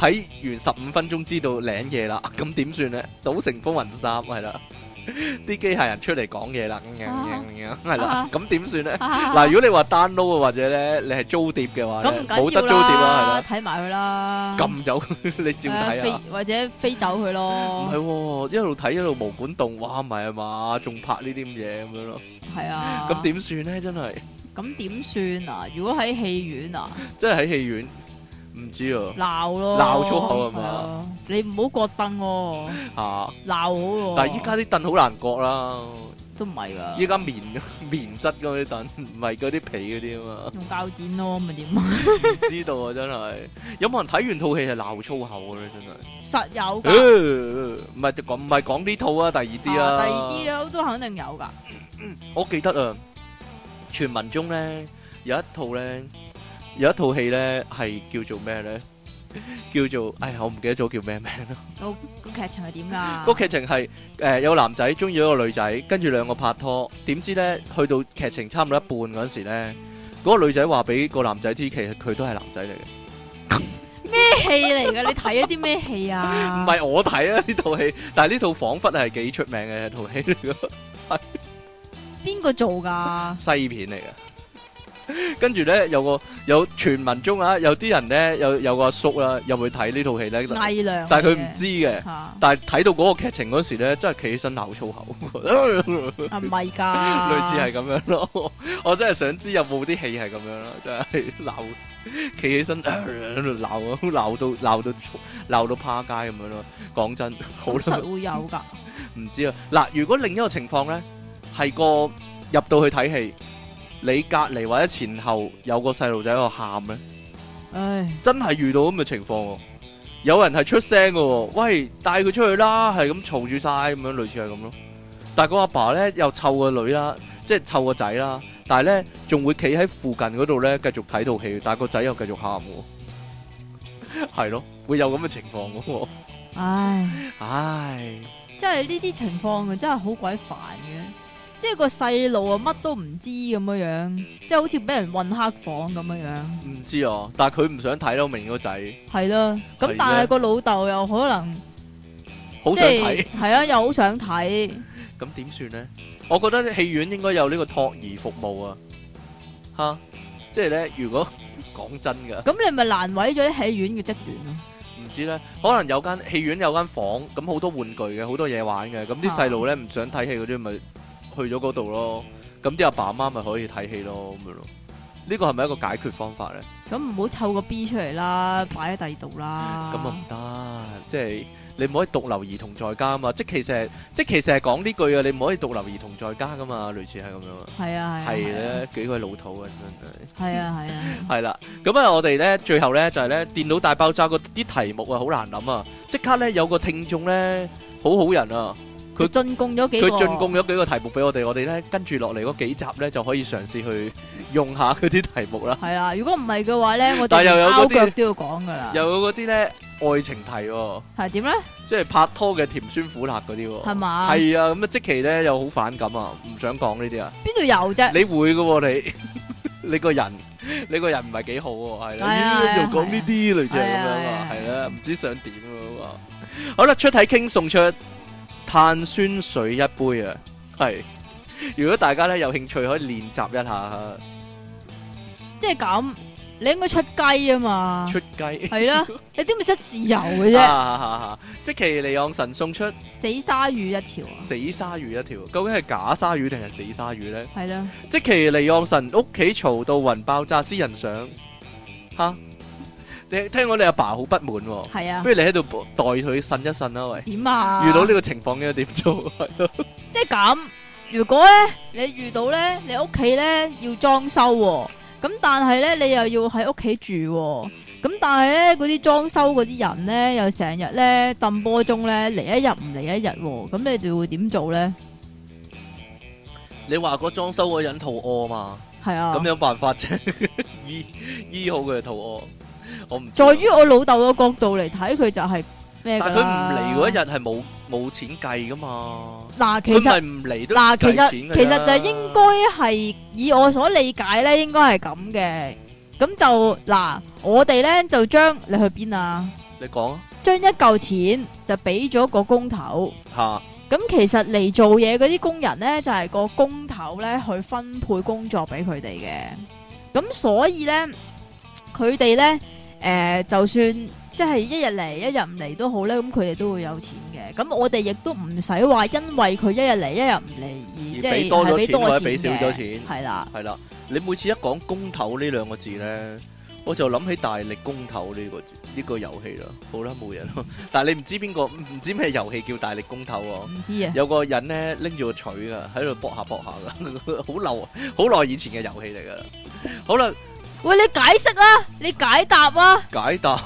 睇完十五分鐘知道領嘢啦，咁點算呢？賭城風雲三係啦。啲機械人出嚟講嘢啦，咁樣樣係啦，咁點算咧？嗱，如果你話 d o w 或者咧，你係租碟嘅話咁，冇得租碟啦，係啦，睇埋佢啦，撳走佢，你照睇啊，或者飛走佢咯，唔係，一路睇一路無管動，哇，咪係啊嘛，仲拍呢啲咁嘢咁樣咯，係啊，咁點算咧？真係，咁點算啊？如果喺戲院啊，即係喺戲院。唔知啊，鬧咯，鬧粗口係嘛？你唔好割凳喎，吓鬧好喎。但係依家啲凳好難割啦，都唔係噶。依家棉棉質嗰啲凳，唔係嗰啲皮嗰啲啊嘛。用鉸剪咯，咪點啊？知道啊，真係有冇人睇完套戲就鬧粗口嘅咧？真係實有噶，唔係講唔係講呢套啊，第二啲啊，第二啲都都肯定有噶。我記得啊，傳聞中咧有一套咧。有一套戲咧，係叫做咩咧？叫做哎呀，我唔記得咗叫咩名咯。個劇情係點噶？個劇情係誒，有男仔中意一個女仔，跟住兩個拍拖。點知咧，去到劇情差唔多一半嗰陣時咧，嗰個女仔話俾個男仔知，其實佢都係男仔嚟嘅。咩戲嚟噶？你睇咗啲咩戲啊？唔係我睇啊！呢套戲，但係呢套仿佛係幾出名嘅一套戲嚟嘅。邊個做噶？西片嚟噶跟住咧，有個有傳聞中啊，有啲人咧，有有個阿叔啊，入去睇呢套戲咧，但係佢唔知嘅，但係睇到嗰個劇情嗰時咧，真係企起身鬧粗口，係咪噶？類似係咁樣咯，我真係想知有冇啲戲係咁樣咯，真係鬧，企起身喺度鬧，鬧到鬧到鬧到趴街咁樣咯，講真，好實會有噶，唔知啊，嗱，如果另一個情況咧，係個入到去睇戲。你隔籬或者前後有個細路仔喺度喊咧，唉，真係遇到咁嘅情況，哦，有人係出聲嘅，哦，喂，帶佢出去啦，係咁嘈住晒，咁樣類似係咁咯。但個阿爸咧又湊個女啦，即係湊個仔啦，但係咧仲會企喺附近嗰度咧繼續睇套戲，但個仔又繼續喊，係 咯，會有咁嘅情況嘅，哦，唉唉，即係呢啲情況嘅真係好鬼煩嘅。即係個細路啊，乜都唔知咁樣樣，即係好似俾人韞黑房咁樣樣。唔知啊，但係佢唔想睇咯，明個仔係咯。咁但係個老豆又可能好想睇，係啊，又好想睇。咁點算咧？我覺得戲院應該有呢個托兒服務啊，吓，即係咧。如果講真噶，咁你咪難為咗啲戲院嘅職員咯？唔知咧，可能有間戲院有間房咁，好多玩具嘅，好多嘢玩嘅，咁啲細路咧唔想睇戲嗰啲咪。去咗嗰度咯，咁啲阿爸阿媽咪可以睇戲咯咁樣咯，呢個係咪一個解決方法咧？咁唔好湊個 B 出嚟啦，擺喺第二度啦。咁啊唔得，即係你唔可以獨留兒童在家啊嘛！即係其實即係其實係講呢句啊，你唔可以獨留兒童在家噶嘛，類似係咁樣啊。係啊係。係咧、啊啊啊啊，幾鬼老土啊，真係。係啊係啊。係啦、 嗯，咁啊，啊 啊我哋咧最後咧就係、是、咧電腦大爆炸個啲題目啊，好難諗啊！即刻咧有個聽眾咧，好好人啊。佢進貢咗幾佢進貢咗幾個題目俾我哋，我哋咧跟住落嚟嗰幾集咧就可以嘗試去用下嗰啲題目啦。係啦，如果唔係嘅話咧，我哋但又有嗰啲都要講噶啦。又有嗰啲咧愛情題喎，係點咧？即係拍拖嘅甜酸苦辣嗰啲喎。係嘛？係啊，咁啊積淇咧又好反感啊，唔想講呢啲啊。邊度有啫？你會嘅喎，你你個人你個人唔係幾好喎，係啦，點解要講呢啲類似係咁樣啊，係啦，唔知想點喎。好啦，出體傾送出，碳酸水一杯啊，係，如果大家咧有興趣可以練習一下，即係咁，你應該出雞啊嘛，出雞，係啦，你啲咪出豉油嘅啫。積淇離岸神送出死鯊魚一條啊，死鯊魚一條，究竟係假鯊魚定係死鯊魚咧？係啦的，積淇離岸神屋企嘈到云爆炸，私人相，吓、嗯。你聽講，你阿爸好不滿，不如你喺度代佢呻一呻啦，喂。點啊？遇到呢個情況應該點做？即係咁，如果咧你遇到咧，你屋企咧要裝修，咁但係咧你又要喺屋企住，咁但係咧嗰啲裝修嗰啲人咧又成日咧揼波鐘咧嚟一日唔嚟一日，咁你哋會點做咧？你話嗰裝修嗰人肚屙嘛？係啊，咁有辦法啫，醫醫好佢就肚屙。在於我老豆嘅角度嚟睇，佢就係咩？佢唔嚟嗰一日係冇冇錢計噶嘛？嗱，其實唔嚟都冇錢嘅。其實其實就應該係以我所理解咧，應該係咁嘅。咁就嗱，我哋咧就將你去邊啊？你講啊，將一嚿錢就俾咗個工頭。吓，咁其實嚟做嘢嗰啲工人咧，就係個工頭咧去分配工作俾佢哋嘅。咁所以咧，佢哋咧。誒，就算即係一日嚟，一日唔嚟都好咧，咁佢哋都會有錢嘅。咁我哋亦都唔使話，因為佢一日嚟，一日唔嚟而即係而係俾多咗錢或者俾少咗錢。係啦，係啦。你每次一講公投呢兩個字咧，我就諗起大力公投呢個呢個遊戲啦。好啦，冇人。但係你唔知邊個，唔知咩遊戲叫大力公投喎？唔知啊。有個人咧拎住個錘噶，喺度搏下搏下噶，好老好耐以前嘅遊戲嚟㗎啦。好啦。喂，你解釋啦，你解答啊，解答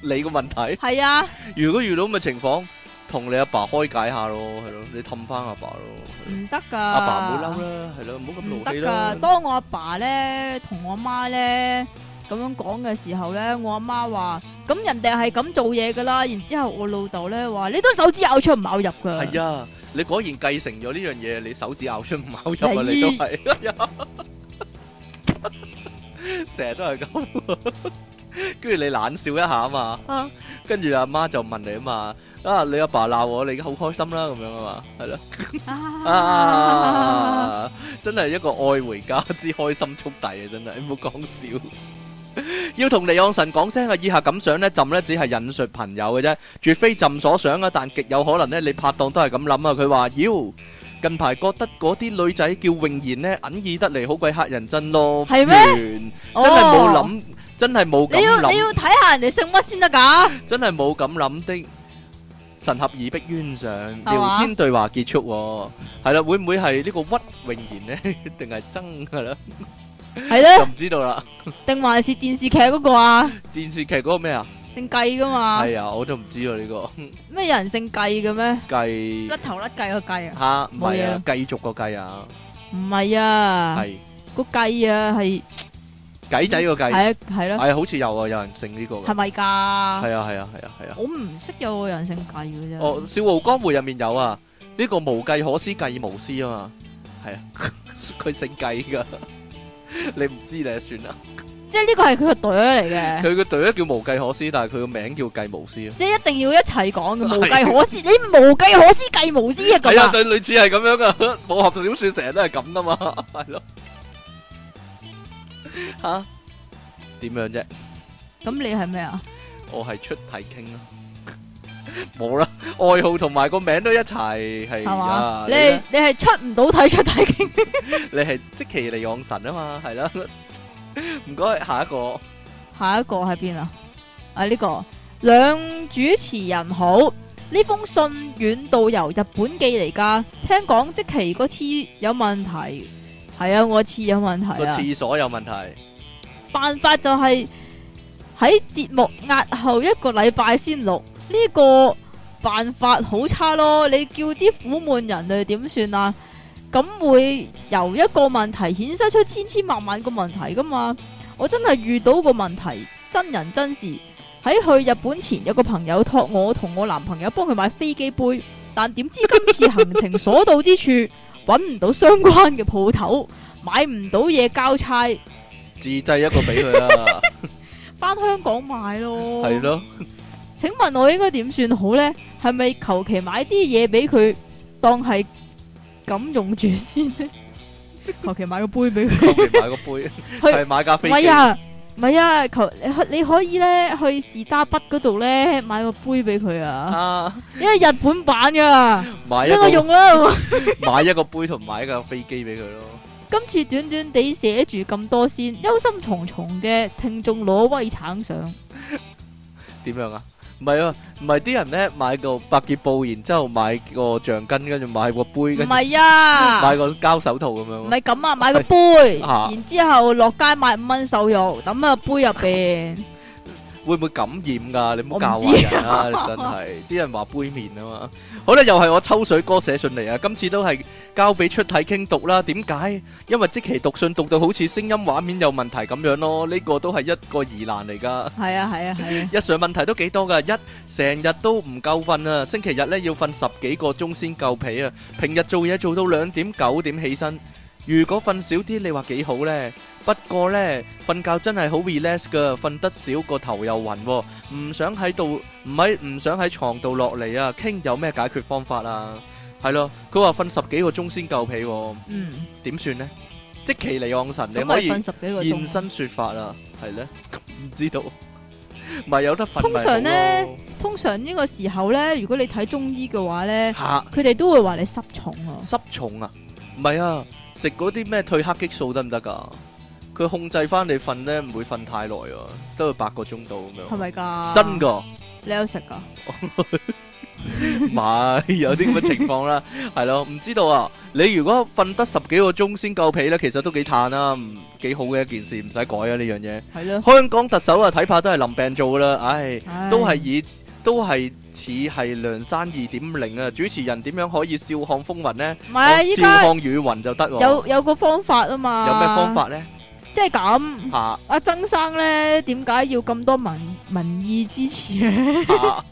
你個問題。係啊，如果遇到咁嘅情況，同你阿爸開解下咯，係咯，你氹翻阿爸咯。唔得噶，阿爸唔好嬲啦，係咯，唔好咁怒氣啦。當我阿爸咧，同我阿媽咧咁樣講嘅時候咧，我阿媽話：，咁人哋係咁做嘢噶啦。然之後我老豆咧話：，你都手指拗出唔拗入噶。係啊，你果然繼承咗呢樣嘢，你手指拗出唔拗入啊，你都係。成日都係咁，跟住你冷笑一下嘛啊嘛，跟住阿媽就問你嘛啊嘛，啊你阿爸鬧我，你而家好開心啦、啊、咁樣嘛 啊嘛，係咯，真係一個愛回家之開心速遞 啊，真係唔好講笑，要同離岸神講聲啊，以下咁想呢，朕呢只係引述朋友嘅啫，絕非朕所想啊，但極有可能呢，你拍檔都係咁諗啊，佢話妖！」近排覺得嗰啲女仔叫穎妍咧，揞耳得嚟，好鬼嚇人憎咯，係咩？真係冇諗，真係冇噉諗。你要你要睇下人哋姓乜先得噶。真係冇噉諗的，神合耳壁冤上聊天對話結束，係啦，會唔會係呢個屈穎妍咧？定係真噶咧？係咧，就唔知道啦。定還是電視劇嗰個啊？電視劇嗰個咩啊？姓計噶嘛？係啊，我都唔知啊呢個。咩有人姓計嘅咩？計甩頭甩計個計啊，吓，唔係啊，繼續個計啊，唔係啊，係個計啊，係計仔個計，係啊，係咯，係啊，好似有啊，有人姓呢個，係咪噶？係啊，係啊，係啊，係啊，我唔識有個人姓計嘅啫。哦，笑傲江湖入面有啊，呢個無計可施計無施啊嘛，係啊，佢姓計噶，你唔知你就算啦。即係呢個係佢個隊咧嚟嘅，佢個隊咧叫無計可施，但係佢個名叫計無施。即係一定要一齊講嘅無計可施，你無計可施計無施嘅咁啊！對，類似係咁樣噶，武俠小說成日都係咁噶嘛，係咯吓？點樣啫？咁你係咩啊？我係出體 king 啦，冇啦，愛好同埋個名都一齊係啊！你你係出唔到體出體 king，你係積淇離岸神啊嘛，係啦。唔該，下一個，下一個喺邊啊？啊呢、這個兩主持人好，呢封信遠道由日本寄嚟噶，聽講即期嗰次有問題，係啊，我次有問題啊，個廁所有問題，辦法就係喺節目押後一個禮拜先錄。呢、這個辦法好差咯，你叫啲苦悶人哋點算啊？咁會由一個問題衍生出千千萬萬個問題噶嘛？我真係遇到個問題，真人真事。喺去日本前，有個朋友託我同我男朋友幫佢買飛機杯，但點知今次行程所到之處，搵唔 到相關嘅鋪頭，買唔到嘢，交差，自製一個俾佢啦，翻 香港買咯，係咯？請問我應該點算好呢？係咪求其買啲嘢俾佢當係？咁用住先，求其買個杯俾佢，求其買個杯，係買架飛機。唔係啊，唔係啊，求你可你可以咧去士打筆嗰度咧買個杯俾佢啊，因為日本版噶，呢個用啦，買一個杯同買一架飛機俾佢咯。今次短短地寫住咁多先，憂心忡忡嘅聽眾攞威撐上，點樣啊？唔係啊，唔係啲人咧買個百潔布，然之後買個橡筋，跟住買個杯，唔係啊，買個膠手套咁樣。唔係咁啊，買個杯，哎、呀然之後落街買五蚊瘦肉，抌喺杯入邊。 會唔會感染噶？你唔好教壞人啊，你真係啲 人話杯麵啊嘛。好啦，又係我抽水哥寫信嚟啊，今次都係交俾出體 king 讀啦。點解？因為即期讀信讀到好似聲音畫面有問題咁樣咯，呢、這個都係一個疑難嚟噶。係啊係啊係啊，日常、啊啊、 問題都幾多噶，一成日都唔夠瞓啊，星期日咧要瞓十幾個鐘先夠皮啊，平日做嘢做到兩點九點起身。如果瞓少啲，你話幾好咧？不過咧，瞓覺真係好 relax 噶，瞓得少個頭又暈，唔想喺度，唔係唔想喺床度落嚟啊！傾有咩解決方法啊？係咯，佢話瞓十幾個鐘先夠皮，嗯，點算咧？積淇離岸神，你可以瞓十幾個鐘現身說法啦，係咧？唔知道，唔係有得瞓咪好咯？通常咧，通常呢個時候咧，如果你睇中醫嘅話咧，吓，佢哋都會話你濕重啊，濕重啊，唔係啊？食嗰啲咩褪黑激素得唔得噶？佢控制翻你瞓咧，唔會瞓太耐啊，都要八個鐘度咁樣。係咪噶？真噶？你有食噶？唔係，有啲咁嘅情況啦，係咯？唔知道啊！你如果瞓得十幾個鐘先夠皮咧，其實都幾嘆啦，唔幾好嘅一件事，唔使改啊呢樣嘢。係咯。香港特首啊，睇怕都係臨病做噶啦，唉，都係以，都係。似係梁山二點零啊！主持人點樣可以笑看風雲呢？唔、啊、笑看雨雲就得咯。有有個方法啊嘛。有咩方法呢？即係咁。啊、阿曾生呢，點解要咁多民民意支持呢？啊、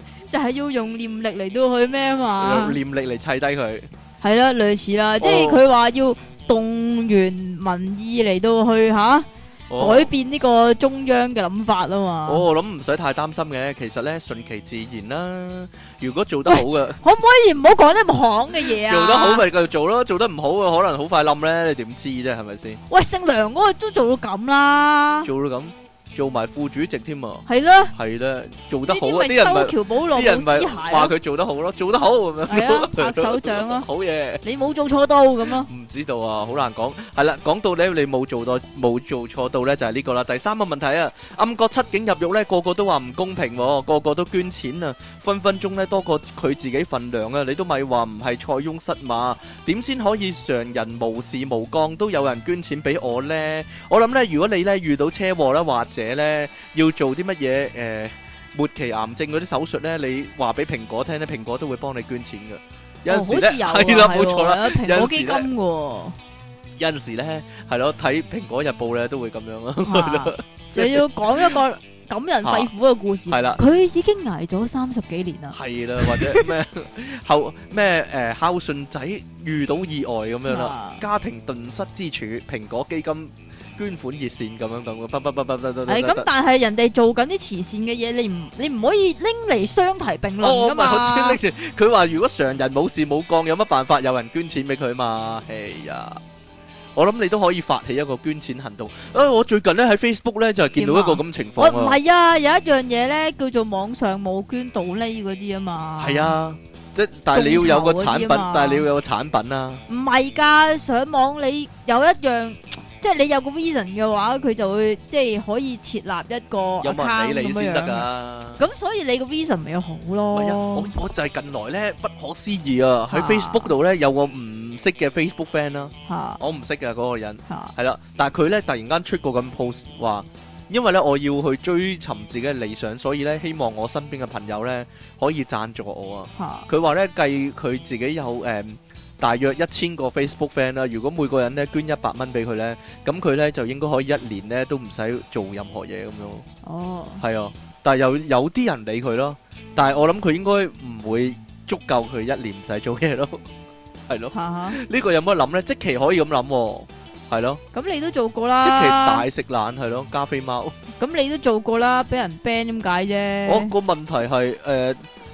就係要用念力嚟到去咩啊嘛？用念力嚟砌低佢。係啦， 類似啦，哦、即係佢話要動員民意嚟到去嚇。啊改變呢個中央嘅諗法啊嘛，oh, 我諗唔使太擔心嘅，其實咧，順其自然啦。如果做得好嘅，喂 可唔可以唔、啊、好講啲冇行嘅嘢啊？做得好咪繼續做咯，做得唔好啊，可能好快冧咧，你點知啫係咪先？係係喂，姓梁嗰個都做到咁啦，做到咁。做埋副主席添啊！係咯，係啦，做得好啊！啲人唔係啲人唔係話佢做得好咯，做得好咁樣，係啊，拍手掌咯，好嘢！你冇做錯到咁咯？唔知道啊，好難講。係啦，講到咧，你冇做到冇做錯到咧，就係呢個啦。第三個問題啊，暗角七警入獄咧，個個都話唔公平，個個都捐錢啊，分分鐘咧多過佢自己份量啊！你都咪話唔係塞翁失馬，點先可以常人無事無干都有人捐錢俾我咧？我諗咧，如果你咧遇到車禍咧，或者嘢咧，要做啲乜嘢？誒，末期癌症嗰啲手術咧，你話俾蘋果聽咧，蘋果都會幫你捐錢噶。有陣時咧，係啦，冇錯啦，蘋果基金噶。有陣時咧，係咯，睇蘋果日報咧都會咁樣咯。就要講一個感人肺腑嘅故事。係啦，佢已經挨咗三十幾年啦。係啦，或者咩孝咩誒孝順仔遇到意外咁樣啦，家庭頓失支柱，蘋果基金。捐款熱線咁樣咁，叭叭叭叭，等等。係咁，但係人哋做緊啲慈善嘅嘢，你唔你唔可以拎嚟相提並論噶嘛？哦，我唔係好中意拎住佢話，如果常人冇事冇幹，有乜辦法？有人捐錢俾佢嘛？哎呀，我諗你都可以發起一個捐錢行動啊！我最近咧喺 Facebook 咧就係見到一個咁情況。我唔係啊，有一樣嘢咧叫做網上冇捐到呢嗰啲啊嘛。係啊，即係但係你要有個產品，但係你要有個產品啊。唔係㗎，上網你有一樣。即係你有個 vision 嘅話，佢就會即係可以設立一個 account 有埋俾你先得噶。咁所以你個 vision 咪又好咯。啊、我，我就係近來咧不可思議啊，喺、啊、Facebook 度咧有個唔識嘅 Facebook friend 啦、啊。吓、啊，我唔識嘅、啊、嗰、嗰個人。吓、啊，係啦，但係佢咧突然間出個咁 post 話，因為咧我要去追尋自己嘅理想，所以咧希望我身邊嘅朋友咧可以贊助我啊。吓、啊，佢話咧計佢自己有誒。嗯大約一千個 Facebook fan 啦，如果每個人咧捐一百蚊俾佢咧，咁佢咧就應該可以一年咧都唔使做任何嘢咁樣。哦，係啊，但係有有啲人理佢咯，但係我諗佢應該唔會足夠佢一年唔使做嘢咯，係咯。嚇嚇，呢個有乜諗咧？即期可以咁諗喎，係咯。咁你都做過啦。即期大食懶係咯，加菲貓。咁你都做過啦，俾人 ban 咁解啫？我個問題係誒。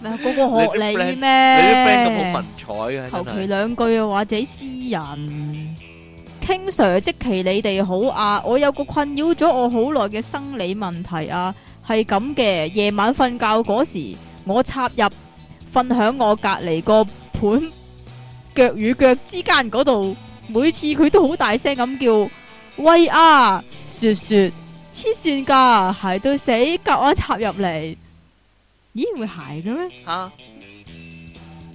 咪、啊、個個學你咩？你啲 friend 文采嘅，啊，求其兩句啊，或者私人傾 King Sir、積淇你哋好啊！我有個困擾咗我好耐嘅生理問題啊，係咁嘅，夜晚瞓覺嗰時，我插入瞓響我隔籬個盤腳與腳之間嗰度，每次佢都好大聲咁叫喂啊！雪雪，黐綫噶，係對死隔安插入嚟咦會鞋嘅咩？吓、啊，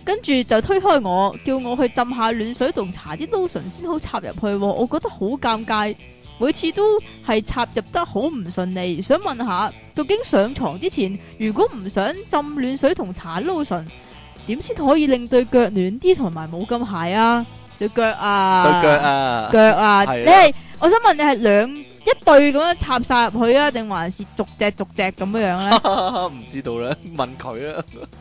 跟住就推開我，叫我去浸下暖水同搽啲 lotion 先好插入去，哦。我覺得好尷尬，每次都係插入得好唔順利。想問下，究竟上床之前如果唔想浸暖水同搽 lotion，點先可以令對腳暖啲同埋冇咁鞋啊？對腳啊，對腳啊，腳啊，你係，我想問你係兩。一對咁樣插晒入去啊，定還是逐隻逐隻咁樣樣咧？唔 知道咧，問佢啦 意。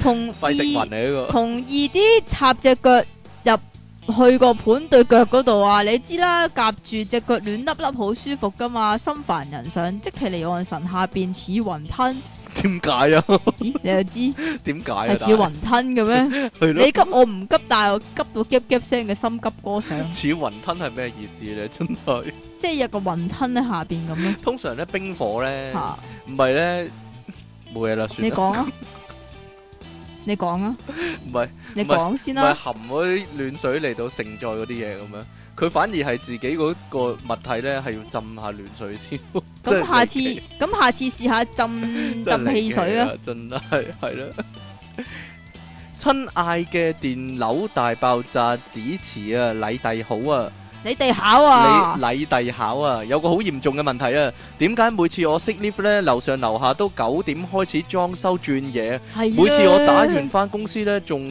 迪 同二同二啲插隻腳入去個盤對腳嗰度啊！你知啦，夾住隻腳暖粒粒好舒服噶嘛，心煩人想積淇離岸神下便似雲吞。點解啊？咦，你又知點解啊？似雲吞嘅咩？你急我唔急，但係我急到 gap gap 聲嘅心急歌聲。似雲吞係咩意思咧？真係即係有個雲吞喺下邊咁樣。通常咧冰火咧，唔係咧冇嘢啦。算你講啊，你講啊。唔係你講先啦。含嗰啲暖水嚟到盛載嗰啲嘢咁樣。佢反而係自己嗰個物體咧，係要浸下暖水先。咁下次，咁下次試下浸浸汽水啊！真係啦，係係啦。親愛嘅電腦大爆炸主持啊，禮弟好啊！你哋考啊！禮禮弟考啊！有個好嚴重嘅問題啊！點解每次我熄 lift 咧，樓上樓下都九點開始裝修轉嘢？每次我打完返公司咧，仲。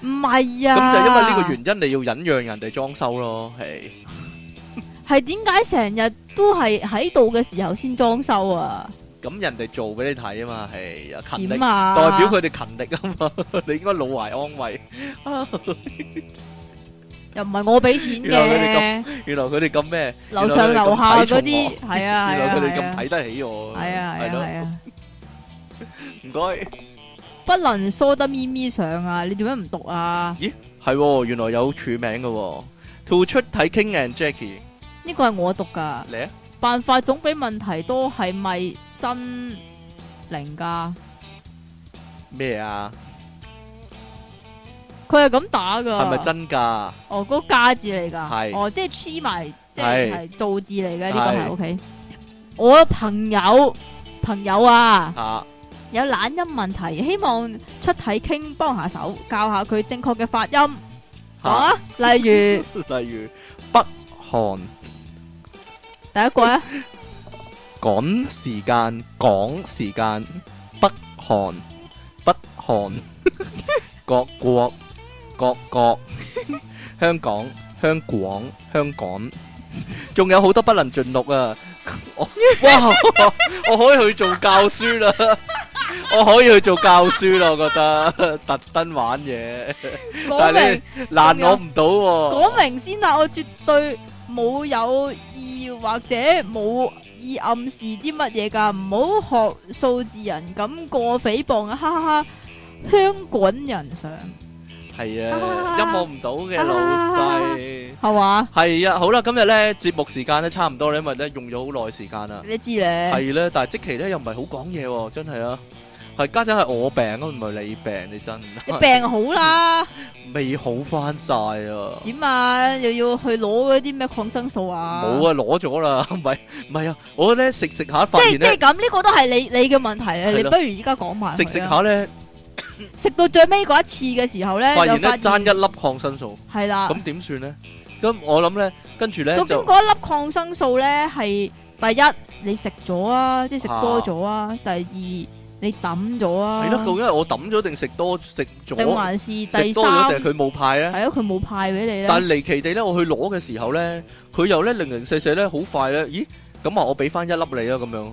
唔係啊！咁就因為呢個原因，你要忍讓人哋裝修咯，係係點解成日都係喺度嘅時候先裝修啊？咁人哋做俾你睇啊嘛，係勤力，代表佢哋勤力啊嘛，你應該老懷安慰啊！又唔係我俾錢嘅，原來佢哋咁，原來佢哋咁咩？樓上樓下嗰啲係啊，原來佢哋咁睇得起我，係啊係啊，唔該。不能梳得咪咪上啊！你點解唔讀啊？咦，係、哦、原來有署名噶、哦、to 出體 King and Jackie。呢個係我讀噶。嚟啊！辦法總比問題多，係咪真靈噶？咩啊？佢係咁打噶，係咪真噶？哦，嗰、那個加字嚟噶，係 是哦，即係黐埋，即係造字嚟嘅呢個。O、okay、K，我朋友朋友啊。啊有懶音問題，希望出體 king 幫下手，教下佢正確嘅發音。講啊，例如例如北韓，第一個呀，趕時間，趕時間，北韓，北韓，各國，各國，香港，香港，香港，仲有好多不能盡錄啊！我哇，我可以去做教書啦。我可以去做教書咯，我覺得特登玩嘢，但係你難我唔到喎。講明先啦，我絕對冇有意或者冇意暗示啲乜嘢噶，唔好學數字人咁過誹謗啊！哈哈哈，香港人上係啊，音樂唔到嘅老細係嘛？係啊，好啦，今日咧節目時間咧差唔多啦，因為咧用咗好耐時間啦，你都知咧係啦，但係即期咧又唔係好講嘢喎，真係啊！係家陣係我病，都唔係你病，你真。你病好啦，未好翻晒啊？點啊？又要去攞嗰啲咩抗生素啊？冇啊，攞咗啦，唔係唔係啊，我咧食食下飯。即係即係噉，呢個都係你你嘅問題咧，你不如而家講埋。食食下咧，食到最尾嗰一次嘅時候咧，發現爭一粒抗生素。係啦，咁點算咧？咁我諗咧，跟住咧究竟嗰一粒抗生素咧，係第一你食咗啊，即係食多咗啊，第二。你抌咗啊？係咯，究竟係我抌咗定食多食咗，定還是第三？佢冇派咧，係啊，佢冇派俾你咧。但係離奇地咧，我去攞嘅時候咧，佢又咧零零四四咧，好快咧，咦？咁啊，我俾翻一粒你啊，咁樣。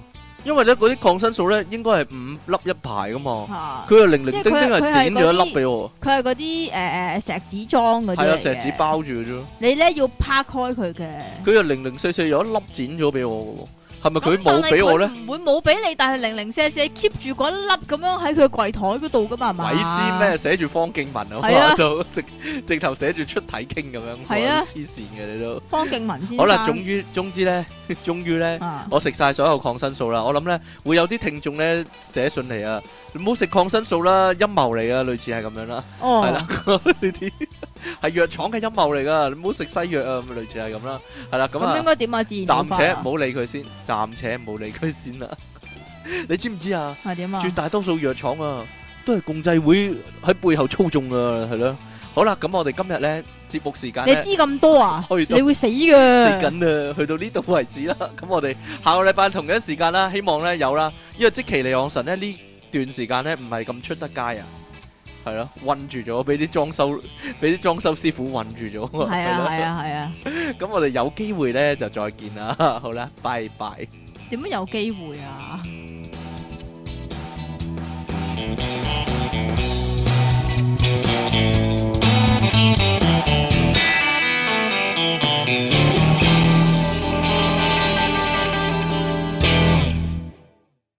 因為咧嗰啲抗生素咧，應該係五粒一排噶嘛。吓，佢又零零丁丁係剪咗一粒俾我。佢係嗰啲誒石子裝嗰啲嚟嘅。係啊，石子包住嘅啫。你咧要拍開佢嘅。佢又零零四四有一粒剪咗俾我嘅。係咪佢冇俾我咧？唔會冇俾你，但係零零四四 keep 住嗰粒咁樣喺佢櫃台嗰度噶嘛？係咪鬼知咩？寫住方敬文是啊嘛，就直直頭寫住出體 king 咁樣，係是啊，黐線嘅你都。方敬文先生，好啦，終於，總之咧，終於咧，我食晒所有抗生素啦。我諗咧會有啲聽眾咧寫信嚟啊，唔好食抗生素啦，陰謀嚟啊，類似係咁樣啦，係啦呢啲。係藥廠嘅陰謀嚟噶，你唔好食西藥啊，類似係咁啦，係啦咁啊。咁應該點啊？暫且唔好理佢先，暫且唔好理佢先啦。你知唔知啊？係點啊？絕大多數藥廠啊，都係共濟會喺背後操縱啊，係咯。好啦，咁我哋今日咧節目時間，你知咁多啊？去你會死嘅。死緊啊，去到呢度為止啦。咁我哋下個禮拜同樣時間啦，希望咧有啦。因為積淇離岸神咧呢段時間咧唔係咁出得街啊。係咯，困住咗，俾啲裝修俾啲裝修師傅困住咗。係啊，係啊，係啊。咁我哋有機會咧就再見啦，好啦，拜拜。點樣有機會啊？